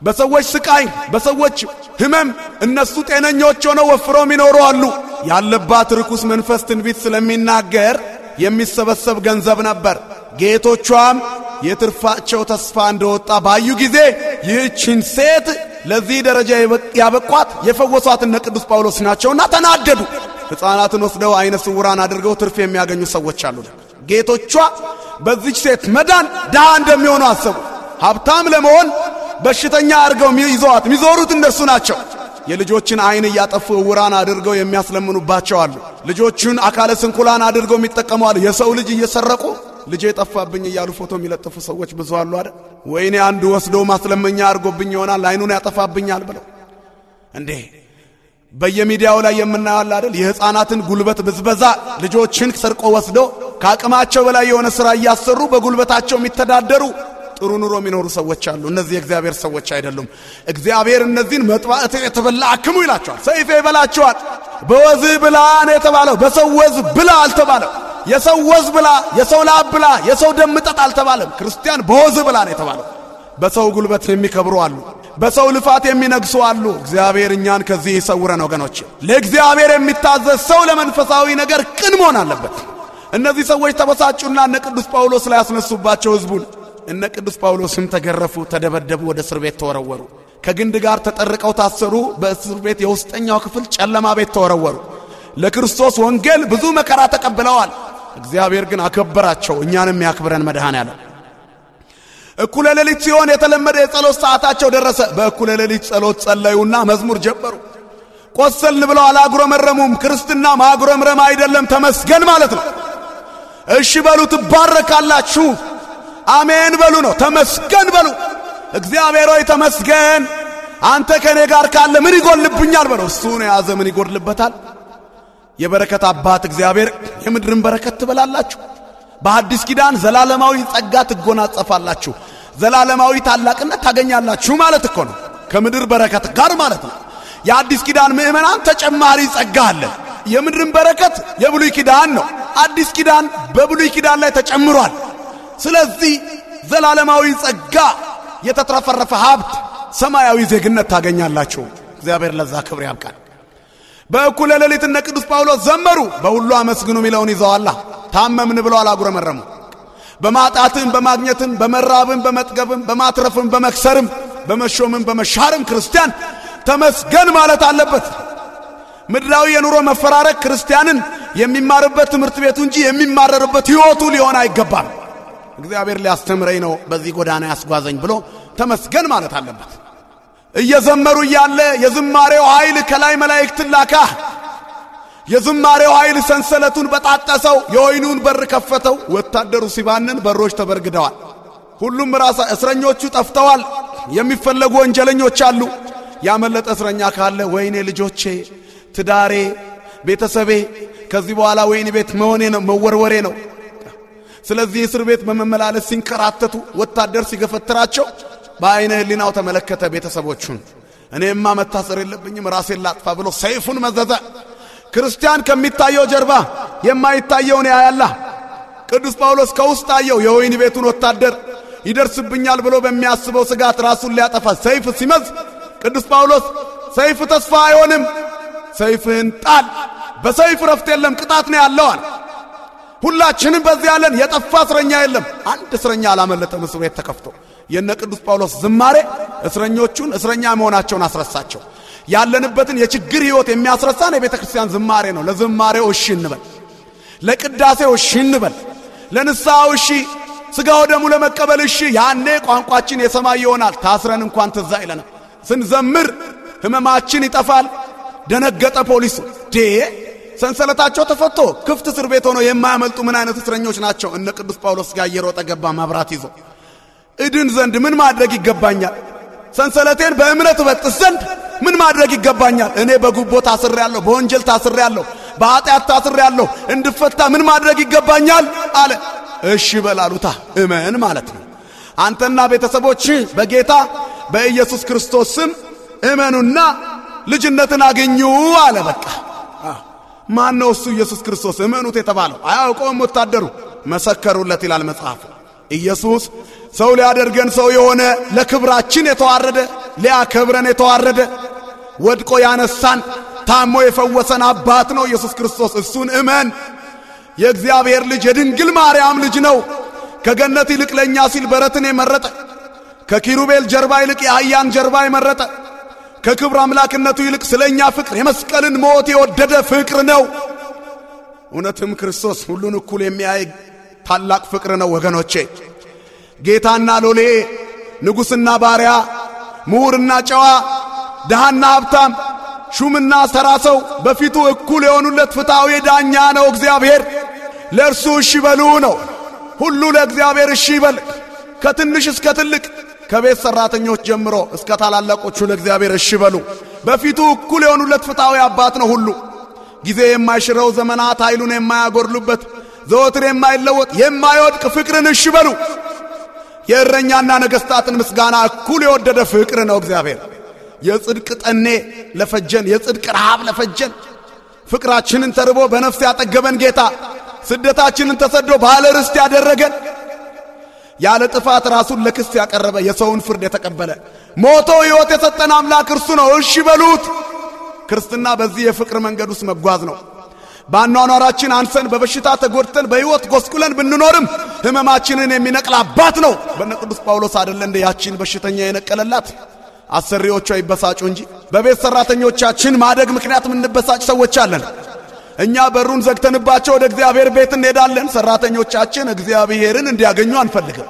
በሰዎች ስቃይ በሰዎች ህመም እነሱ ጤነኞች ሆነው ወፍረው የሚኖሩ አሉ። ያለባት ርኩስ መንፈስ ትንቢት ስለሚናገር የሚሰበሰብ ገንዘብ ነበር። ጌቶቿም የትርፋቸው ተስፋ እንደወጣ ባዩ ጊዜ ይህችን ሴት ለዚህ ደረጃ ያበቋት የፈወሷት እነ ቅዱስ ጳውሎስ ናቸውና ተናደዱ። ሕፃናትን ወስደው አይነ ስውራን አድርገው ትርፍ የሚያገኙ ሰዎች አሉ። ጌቶቿ በዚች ሴት መዳን ድሃ እንደሚሆኑ አሰቡ። ሀብታም ለመሆን በሽተኛ አድርገው ይዘዋት የሚዞሩት እነርሱ ናቸው። የልጆችን አይን እያጠፉ ዕውራን አድርገው የሚያስለምኑባቸው አሉ። ልጆቹን አካለ ስንኩላን አድርገው የሚጠቀሙ አሉ። የሰው ልጅ እየሰረቁ ልጄ ጠፋብኝ እያሉ ፎቶ የሚለጥፉ ሰዎች ብዙ አሉ አይደል? ወይኔ አንድ ወስዶ ማስለመኛ አድርጎብኝ ይሆናል አይኑን ያጠፋብኛል ብለው እንዴ በየሚዲያው ላይ የምናያል አይደል? የህፃናትን ጉልበት ብዝበዛ፣ ልጆችን ሰርቆ ወስዶ ከአቅማቸው በላይ የሆነ ስራ እያሰሩ በጉልበታቸው የሚተዳደሩ ጥሩ ኑሮ የሚኖሩ ሰዎች አሉ። እነዚህ የእግዚአብሔር ሰዎች አይደሉም። እግዚአብሔር እነዚህን መጥባእት የተበላ አክሙ ይላቸዋል። ሰይፌ ይበላቸዋል። በወዝህ ብላ ነው የተባለው። በሰው ወዝ ብላ አልተባለው። የሰው ወዝ ብላ፣ የሰው ላብ ብላ፣ የሰው ደም ጠጥ አልተባለም። ክርስቲያን በወዝ ብላ ነው የተባለው። በሰው ጉልበት የሚከብሩ አሉ። በሰው ልፋት የሚነግሱ አሉ። እግዚአብሔር እኛን ከዚህ ይሰውረን ወገኖች። ለእግዚአብሔር የሚታዘዝ ሰው ለመንፈሳዊ ነገር ቅን መሆን አለበት። እነዚህ ሰዎች ተበሳጩና እነ ቅዱስ ጳውሎስ ላይ ያስነሱባቸው ሕዝቡን። እነ ቅዱስ ጳውሎስም ተገረፉ፣ ተደበደቡ፣ ወደ እስር ቤት ተወረወሩ። ከግንድ ጋር ተጠርቀው ታሰሩ። በእስር ቤት የውስጠኛው ክፍል ጨለማ ቤት ተወረወሩ። ለክርስቶስ ወንጌል ብዙ መከራ ተቀብለዋል። እግዚአብሔር ግን አከበራቸው። እኛንም ያክብረን መድኃን ያለው። እኩለ ሌሊት ሲሆን የተለመደ የጸሎት ሰዓታቸው ደረሰ። በእኩለ ሌሊት ጸሎት ጸለዩና መዝሙር ጀመሩ። ቆሰልን ብለው አላጉረመረሙም። ክርስትና ማጉረምረም አይደለም፣ ተመስገን ማለት ነው። እሺ በሉ ትባረካላችሁ፣ አሜን በሉ ነው፣ ተመስገን በሉ። እግዚአብሔር ሆይ ተመስገን፣ አንተ ከእኔ ጋር ካለ ምን ይጎልብኛል በለው። እሱን የያዘ ምን ይጎድልበታል? የበረከት አባት እግዚአብሔር የምድርን በረከት ትበላላችሁ። በአዲስ ኪዳን ዘላለማዊ ጸጋ ትጎናጸፋላችሁ። ዘላለማዊ ታላቅነት ታገኛላችሁ ማለት እኮ ነው። ከምድር በረከት ጋር ማለት ነው። የአዲስ ኪዳን ምዕመናን ተጨማሪ ጸጋ አለ። የምድርን በረከት የብሉይ ኪዳን ነው። አዲስ ኪዳን በብሉይ ኪዳን ላይ ተጨምሯል። ስለዚህ ዘላለማዊ ጸጋ፣ የተትረፈረፈ ሀብት፣ ሰማያዊ ዜግነት ታገኛላችሁ። እግዚአብሔር ለዛ ክብር ያብቃል። በእኩለ ሌሊት እነ ቅዱስ ጳውሎስ ዘመሩ። በሁሉ አመስግኑ የሚለውን ይዘዋላ። ታመምን ብለው አላጉረመረሙ። በማጣትም በማግኘትም በመራብም በመጥገብም በማትረፍም በመክሰርም በመሾምም በመሻርም ክርስቲያን ተመስገን ማለት አለበት። ምድራዊ የኑሮ መፈራረቅ ክርስቲያንን የሚማርበት ትምህርት ቤቱ እንጂ የሚማረርበት ሕይወቱ ሊሆን አይገባም። እግዚአብሔር ሊያስተምረኝ ነው በዚህ ጎዳና ያስጓዘኝ ብሎ ተመስገን ማለት አለበት። እየዘመሩ እያለ የዝማሬው ኃይል ከላይ መላእክትን ላካ። የዝማሬው ኃይል ሰንሰለቱን በጣጠሰው፣ የወይኑን በር ከፈተው። ወታደሩ ሲባንን በሮች ተበርግደዋል። ሁሉም ራስ እስረኞቹ ጠፍተዋል። የሚፈለጉ ወንጀለኞች አሉ። ያመለጠ እስረኛ ካለ ወይኔ ልጆቼ፣ ትዳሬ፣ ቤተሰቤ ከዚህ በኋላ ወይን ቤት መሆኔ ነው መወርወሬ ነው። ስለዚህ እስር ቤት በመመላለስ ሲንከራተቱ ወታደር ሲገፈትራቸው በአይነ ህሊናው ተመለከተ ቤተሰቦቹን። እኔማ መታሰር የለብኝም ራሴን ላጥፋ ብሎ ሰይፉን መዘዘ። ክርስቲያን ከሚታየው ጀርባ የማይታየውን ያያላ። ቅዱስ ጳውሎስ ከውስጥ አየው የወይን ቤቱን ወታደር ይደርስብኛል ብሎ በሚያስበው ስጋት ራሱን ሊያጠፋ ሰይፍ ሲመዝ ቅዱስ ጳውሎስ ሰይፍ ተስፋ አይሆንም፣ ሰይፍህን ጣል፣ በሰይፍ ረፍት የለም፣ ቅጣት ነው ያለዋል። ሁላችንም በዚህ ያለን የጠፋ እስረኛ የለም። አንድ እስረኛ አላመለጠ። እስር ቤት ተከፍቶ የነ ቅዱስ ጳውሎስ ዝማሬ እስረኞቹን እስረኛ መሆናቸውን አስረሳቸው። ያለንበትን የችግር ህይወት የሚያስረሳን የቤተ ክርስቲያን ዝማሬ ነው። ለዝማሬው እሺ እንበል፣ ለቅዳሴው እሺ እንበል፣ ለንስሐው እሺ፣ ስጋ ወደሙ ለመቀበል እሺ። ያኔ ቋንቋችን የሰማይ ይሆናል። ታስረን እንኳን ትዛ ይለናል። ስንዘምር ህመማችን ይጠፋል። ደነገጠ ፖሊሱ። ዴ ሰንሰለታቸው ተፈቶ ክፍት እስር ቤት ሆነው የማያመልጡ ምን አይነት እስረኞች ናቸው? እነ ቅዱስ ጳውሎስ ጋር እየሮጠ ገባ መብራት ይዞ እድን ዘንድ ምን ማድረግ ይገባኛል? ሰንሰለቴን በእምነት በጥስ ዘንድ ምን ማድረግ ይገባኛል? እኔ በጉቦ ታስሬ ያለሁ፣ በወንጀል ታስሬ ያለሁ፣ በኃጢአት ታስሬ ያለሁ፣ እንድፈታ ምን ማድረግ ይገባኛል አለ። እሺ በላሉታ እመን ማለት ነው። አንተና ቤተሰቦች በጌታ በኢየሱስ ክርስቶስ ስም እመኑና ልጅነትን አገኙ አለ። በቃ ማን ነው እሱ? ኢየሱስ ክርስቶስ። እመኑት የተባለው አያውቀውም ወታደሩ። መሰከሩለት ይላል መጽሐፉ። ኢየሱስ ሰው ሊያደርገን ሰው የሆነ ለክብራችን የተዋረደ ሊያከብረን የተዋረደ ወድቆ ያነሳን ታሞ የፈወሰን አባት ነው ኢየሱስ ክርስቶስ። እሱን እመን። የእግዚአብሔር ልጅ የድንግል ማርያም ልጅ ነው። ከገነት ይልቅ ለእኛ ሲል በረትን የመረጠ ከኪሩቤል ጀርባ ይልቅ የአህያን ጀርባ የመረጠ ከክብር አምላክነቱ ይልቅ ስለኛ ፍቅር የመስቀልን ሞት የወደደ ፍቅር ነው። እውነትም ክርስቶስ ሁሉን እኩል የሚያይ ታላቅ ፍቅር ነው ወገኖቼ። ጌታና ሎሌ፣ ንጉሥና ባሪያ፣ ምሁርና ጨዋ፣ ድሃና ሀብታም፣ ሹምና ተራ ሰው በፊቱ እኩል የሆኑለት ፍትሐዊ ዳኛ ነው። እግዚአብሔር ለእርሱ እሺ በሉ ነው። ሁሉ ለእግዚአብሔር እሺ ይበል። ከትንሽ እስከ ትልቅ፣ ከቤት ሠራተኞች ጀምሮ እስከ ታላላቆቹ ለእግዚአብሔር እሺ በሉ። በፊቱ እኩል የሆኑለት ፍትሐዊ አባት ነው። ሁሉ ጊዜ የማይሽረው ዘመናት ኃይሉን የማያጎድሉበት ዘወትር የማይለወጥ የማይወድቅ ፍቅርን እሺ በሉ። የእረኛና ነገሥታትን ምስጋና እኩል የወደደ ፍቅር ነው እግዚአብሔር። የጽድቅ ጠኔ ለፈጀን፣ የጽድቅ ረሃብ ለፈጀን፣ ፍቅራችንን ተርቦ በነፍስ ያጠገበን ጌታ፣ ስደታችንን ተሰዶ ባለ ርስት ያደረገን፣ ያለ ጥፋት ራሱን ለክስ ያቀረበ፣ የሰውን ፍርድ የተቀበለ፣ ሞቶ ሕይወት የሰጠን አምላክ እርሱ ነው። እሺ በሉት። ክርስትና በዚህ የፍቅር መንገድ ውስጥ መጓዝ ነው። በአኗኗራችን አንሰን በበሽታ ተጎድተን በሕይወት ጎስቁለን ብንኖርም ሕመማችንን የሚነቅል አባት ነው። በነ ቅዱስ ጳውሎስ አደለ እንደ ያችን በሽተኛ የነቀለላት። አሰሪዎቿ ይበሳጩ እንጂ በቤት ሠራተኞቻችን ማደግ ምክንያት የምንበሳጭ ሰዎች አለን። እኛ በሩን ዘግተንባቸው ወደ እግዚአብሔር ቤት እንሄዳለን። ሠራተኞቻችን እግዚአብሔርን እንዲያገኙ አንፈልግም።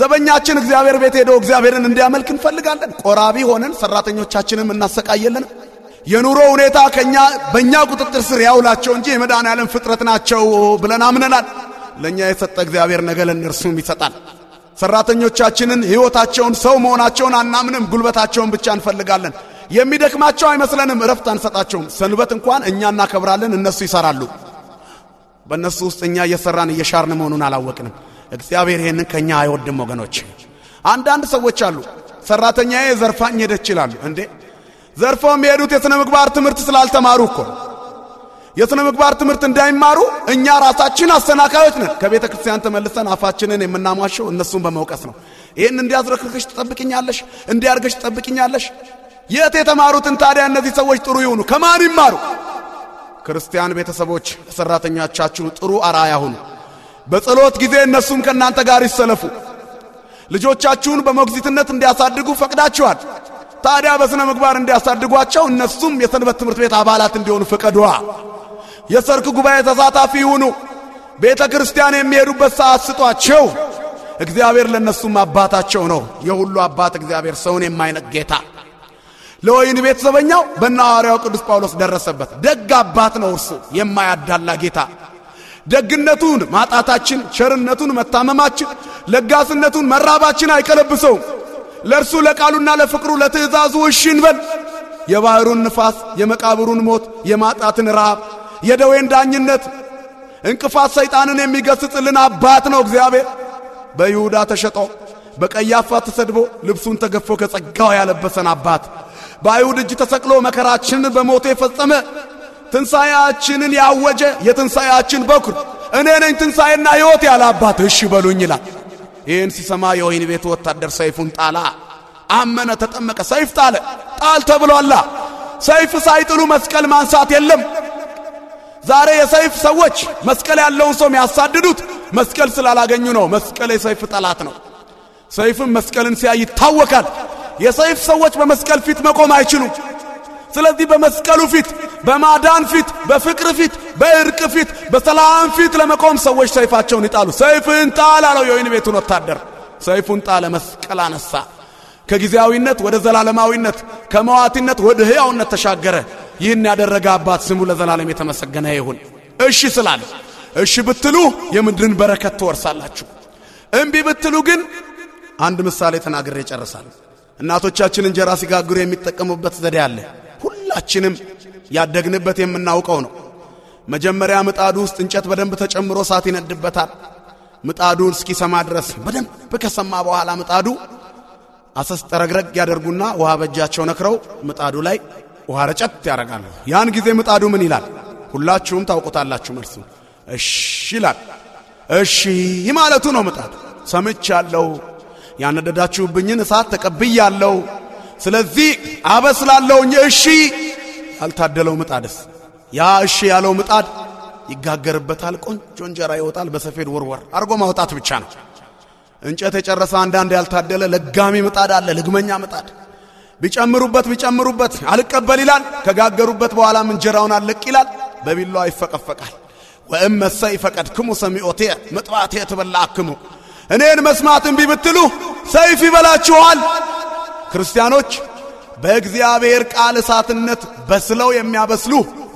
ዘበኛችን እግዚአብሔር ቤት ሄዶ እግዚአብሔርን እንዲያመልክ እንፈልጋለን። ቆራቢ ሆነን ሠራተኞቻችንም እናሰቃየለንም። የኑሮ ሁኔታ ከኛ በእኛ ቁጥጥር ስር ያውላቸው እንጂ የመድኃኔ ዓለም ፍጥረት ናቸው ብለን አምነናል። ለእኛ የሰጠ እግዚአብሔር ነገ ለእነርሱም ይሰጣል። ሰራተኞቻችንን ሕይወታቸውን፣ ሰው መሆናቸውን አናምንም። ጉልበታቸውን ብቻ እንፈልጋለን። የሚደክማቸው አይመስለንም። እረፍት አንሰጣቸውም። ሰንበት እንኳን እኛ እናከብራለን፣ እነሱ ይሠራሉ። በእነሱ ውስጥ እኛ እየሠራን እየሻርን መሆኑን አላወቅንም። እግዚአብሔር ይህንን ከእኛ አይወድም ወገኖች። አንዳንድ ሰዎች አሉ ሠራተኛዬ ዘርፋኝ ሄደች ይላሉ። እንዴ ዘርፈው የሚሄዱት የሥነ ምግባር ትምህርት ስላልተማሩ እኮ የሥነ ምግባር ትምህርት እንዳይማሩ እኛ ራሳችን አሰናካዮች ነን። ከቤተ ክርስቲያን ተመልሰን አፋችንን የምናሟሸው እነሱን በመውቀስ ነው። ይህን እንዲያዝረክርክሽ ትጠብቅኛለሽ፣ እንዲያርገሽ ትጠብቅኛለሽ። የት የተማሩትን ታዲያ እነዚህ ሰዎች ጥሩ ይሁኑ? ከማን ይማሩ? ክርስቲያን ቤተሰቦች ለሠራተኞቻችሁ ጥሩ አርአያ ሁኑ። በጸሎት ጊዜ እነሱም ከእናንተ ጋር ይሰለፉ። ልጆቻችሁን በሞግዚትነት እንዲያሳድጉ ፈቅዳችኋል። ታዲያ በሥነ ምግባር እንዲያሳድጓቸው እነሱም የሰንበት ትምህርት ቤት አባላት እንዲሆኑ ፍቀዷ። የሰርክ ጉባኤ ተሳታፊ ይሁኑ። ቤተ ክርስቲያን የሚሄዱበት ሰዓት ስጧቸው። እግዚአብሔር ለእነሱም አባታቸው ነው። የሁሉ አባት እግዚአብሔር ሰውን የማይነቅ ጌታ ለወይን ቤተሰበኛው በሐዋርያው ቅዱስ ጳውሎስ ደረሰበት። ደግ አባት ነው እርሱ የማያዳላ ጌታ። ደግነቱን ማጣታችን፣ ቸርነቱን መታመማችን፣ ለጋስነቱን መራባችን አይቀለብሰውም። ለእርሱ ለቃሉና ለፍቅሩ ለትእዛዙ እሺ እንበል። የባሕሩን ንፋስ፣ የመቃብሩን ሞት፣ የማጣትን ረሃብ፣ የደዌን ዳኝነት እንቅፋት ሰይጣንን የሚገስጽልን አባት ነው እግዚአብሔር። በይሁዳ ተሸጦ በቀያፋ ተሰድቦ ልብሱን ተገፎ ከጸጋው ያለበሰን አባት በአይሁድ እጅ ተሰቅሎ መከራችንን በሞቱ የፈጸመ ትንሣኤያችንን ያወጀ የትንሣኤያችን በኩር እኔ ነኝ ትንሣኤና ሕይወት ያለ አባት እሺ በሉኝ ይላል። ይህን ሲሰማ የወይን ቤት ወታደር ሰይፉን ጣላ። አመነ፣ ተጠመቀ። ሰይፍ ጣለ። ጣል ተብሏላ። ሰይፍ ሳይጥሉ መስቀል ማንሳት የለም። ዛሬ የሰይፍ ሰዎች መስቀል ያለውን ሰው የሚያሳድዱት መስቀል ስላላገኙ ነው። መስቀል የሰይፍ ጠላት ነው። ሰይፍም መስቀልን ሲያይ ይታወካል። የሰይፍ ሰዎች በመስቀል ፊት መቆም አይችሉም። ስለዚህ በመስቀሉ ፊት፣ በማዳን ፊት፣ በፍቅር ፊት፣ በእርቅ ፊት፣ በሰላም ፊት ለመቆም ሰዎች ሰይፋቸውን ይጣሉ። ሰይፍን ጣል አለው የወይን ቤቱን ወታደር። ሰይፉን ጣለ፣ መስቀል አነሳ። ከጊዜያዊነት ወደ ዘላለማዊነት፣ ከመዋቲነት ወደ ሕያውነት ተሻገረ። ይህን ያደረገ አባት ስሙ ለዘላለም የተመሰገነ ይሁን። እሺ ስላለ እሺ ብትሉ የምድርን በረከት ትወርሳላችሁ። እምቢ ብትሉ ግን አንድ ምሳሌ ተናግሬ ይጨርሳል። እናቶቻችን እንጀራ ሲጋግሩ የሚጠቀሙበት ዘዴ አለ። ሁላችንም ያደግንበት የምናውቀው ነው። መጀመሪያ ምጣዱ ውስጥ እንጨት በደንብ ተጨምሮ እሳት ይነድበታል። እስኪ እስኪሰማ ድረስ በደንብ ከሰማ በኋላ ምጣዱ አሰስ ጠረግረግ ያደርጉና ውሃ በእጃቸው ነክረው ምጣዱ ላይ ውሃ ረጨት ያደርጋሉ። ያን ጊዜ ምጣዱ ምን ይላል? ሁላችሁም ታውቁታላችሁ። መልሱ እሺ ይላል። እሺ ማለቱ ነው። ምጣዱ ሰምቻለሁ፣ ያነደዳችሁብኝን እሳት ተቀብያለሁ፣ ስለዚህ አበስላለሁኝ እሺ ያልታደለው ምጣድስ ያ እሺ ያለው ምጣድ ይጋገርበታል። ቆንጆ እንጀራ ይወጣል። በሰፌድ ወርወር አርጎ ማውጣት ብቻ ነው። እንጨት የጨረሰ አንዳንድ ያልታደለ ለጋሚ ምጣድ አለ። ልግመኛ ምጣድ ቢጨምሩበት ቢጨምሩበት አልቀበል ይላል። ከጋገሩበት በኋላም እንጀራውን አለቅ ይላል። በቢላዋ ይፈቀፈቃል። ወእመ ሰይፈ ክሙ ሰሚኦቴ ምጥባቴ ትበላአክሙ፣ እኔን መስማት እምቢ ብትሉ ሰይፍ ይበላችኋል። ክርስቲያኖች በእግዚአብሔር ቃል እሳትነት በስለው የሚያበስሉ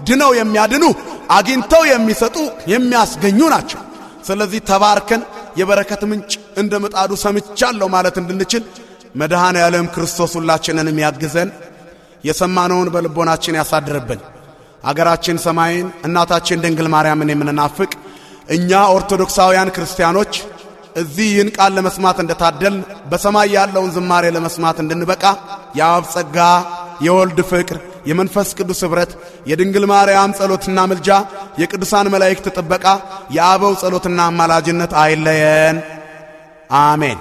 ድነው የሚያድኑ አግኝተው የሚሰጡ የሚያስገኙ ናቸው። ስለዚህ ተባርከን የበረከት ምንጭ እንደ ምጣዱ ሰምቻለሁ ማለት እንድንችል መድኃኔ ዓለም ክርስቶስ ሁላችንን የሚያግዘን የሰማነውን በልቦናችን ያሳድርብን። አገራችን ሰማይን እናታችን ድንግል ማርያምን የምንናፍቅ እኛ ኦርቶዶክሳውያን ክርስቲያኖች እዚህ ይህን ቃል ለመስማት እንደታደል በሰማይ ያለውን ዝማሬ ለመስማት እንድንበቃ የአብ ጸጋ የወልድ ፍቅር የመንፈስ ቅዱስ ኅብረት የድንግል ማርያም ጸሎትና ምልጃ የቅዱሳን መላእክት ጥበቃ የአበው ጸሎትና አማላጅነት አይለየን። አሜን።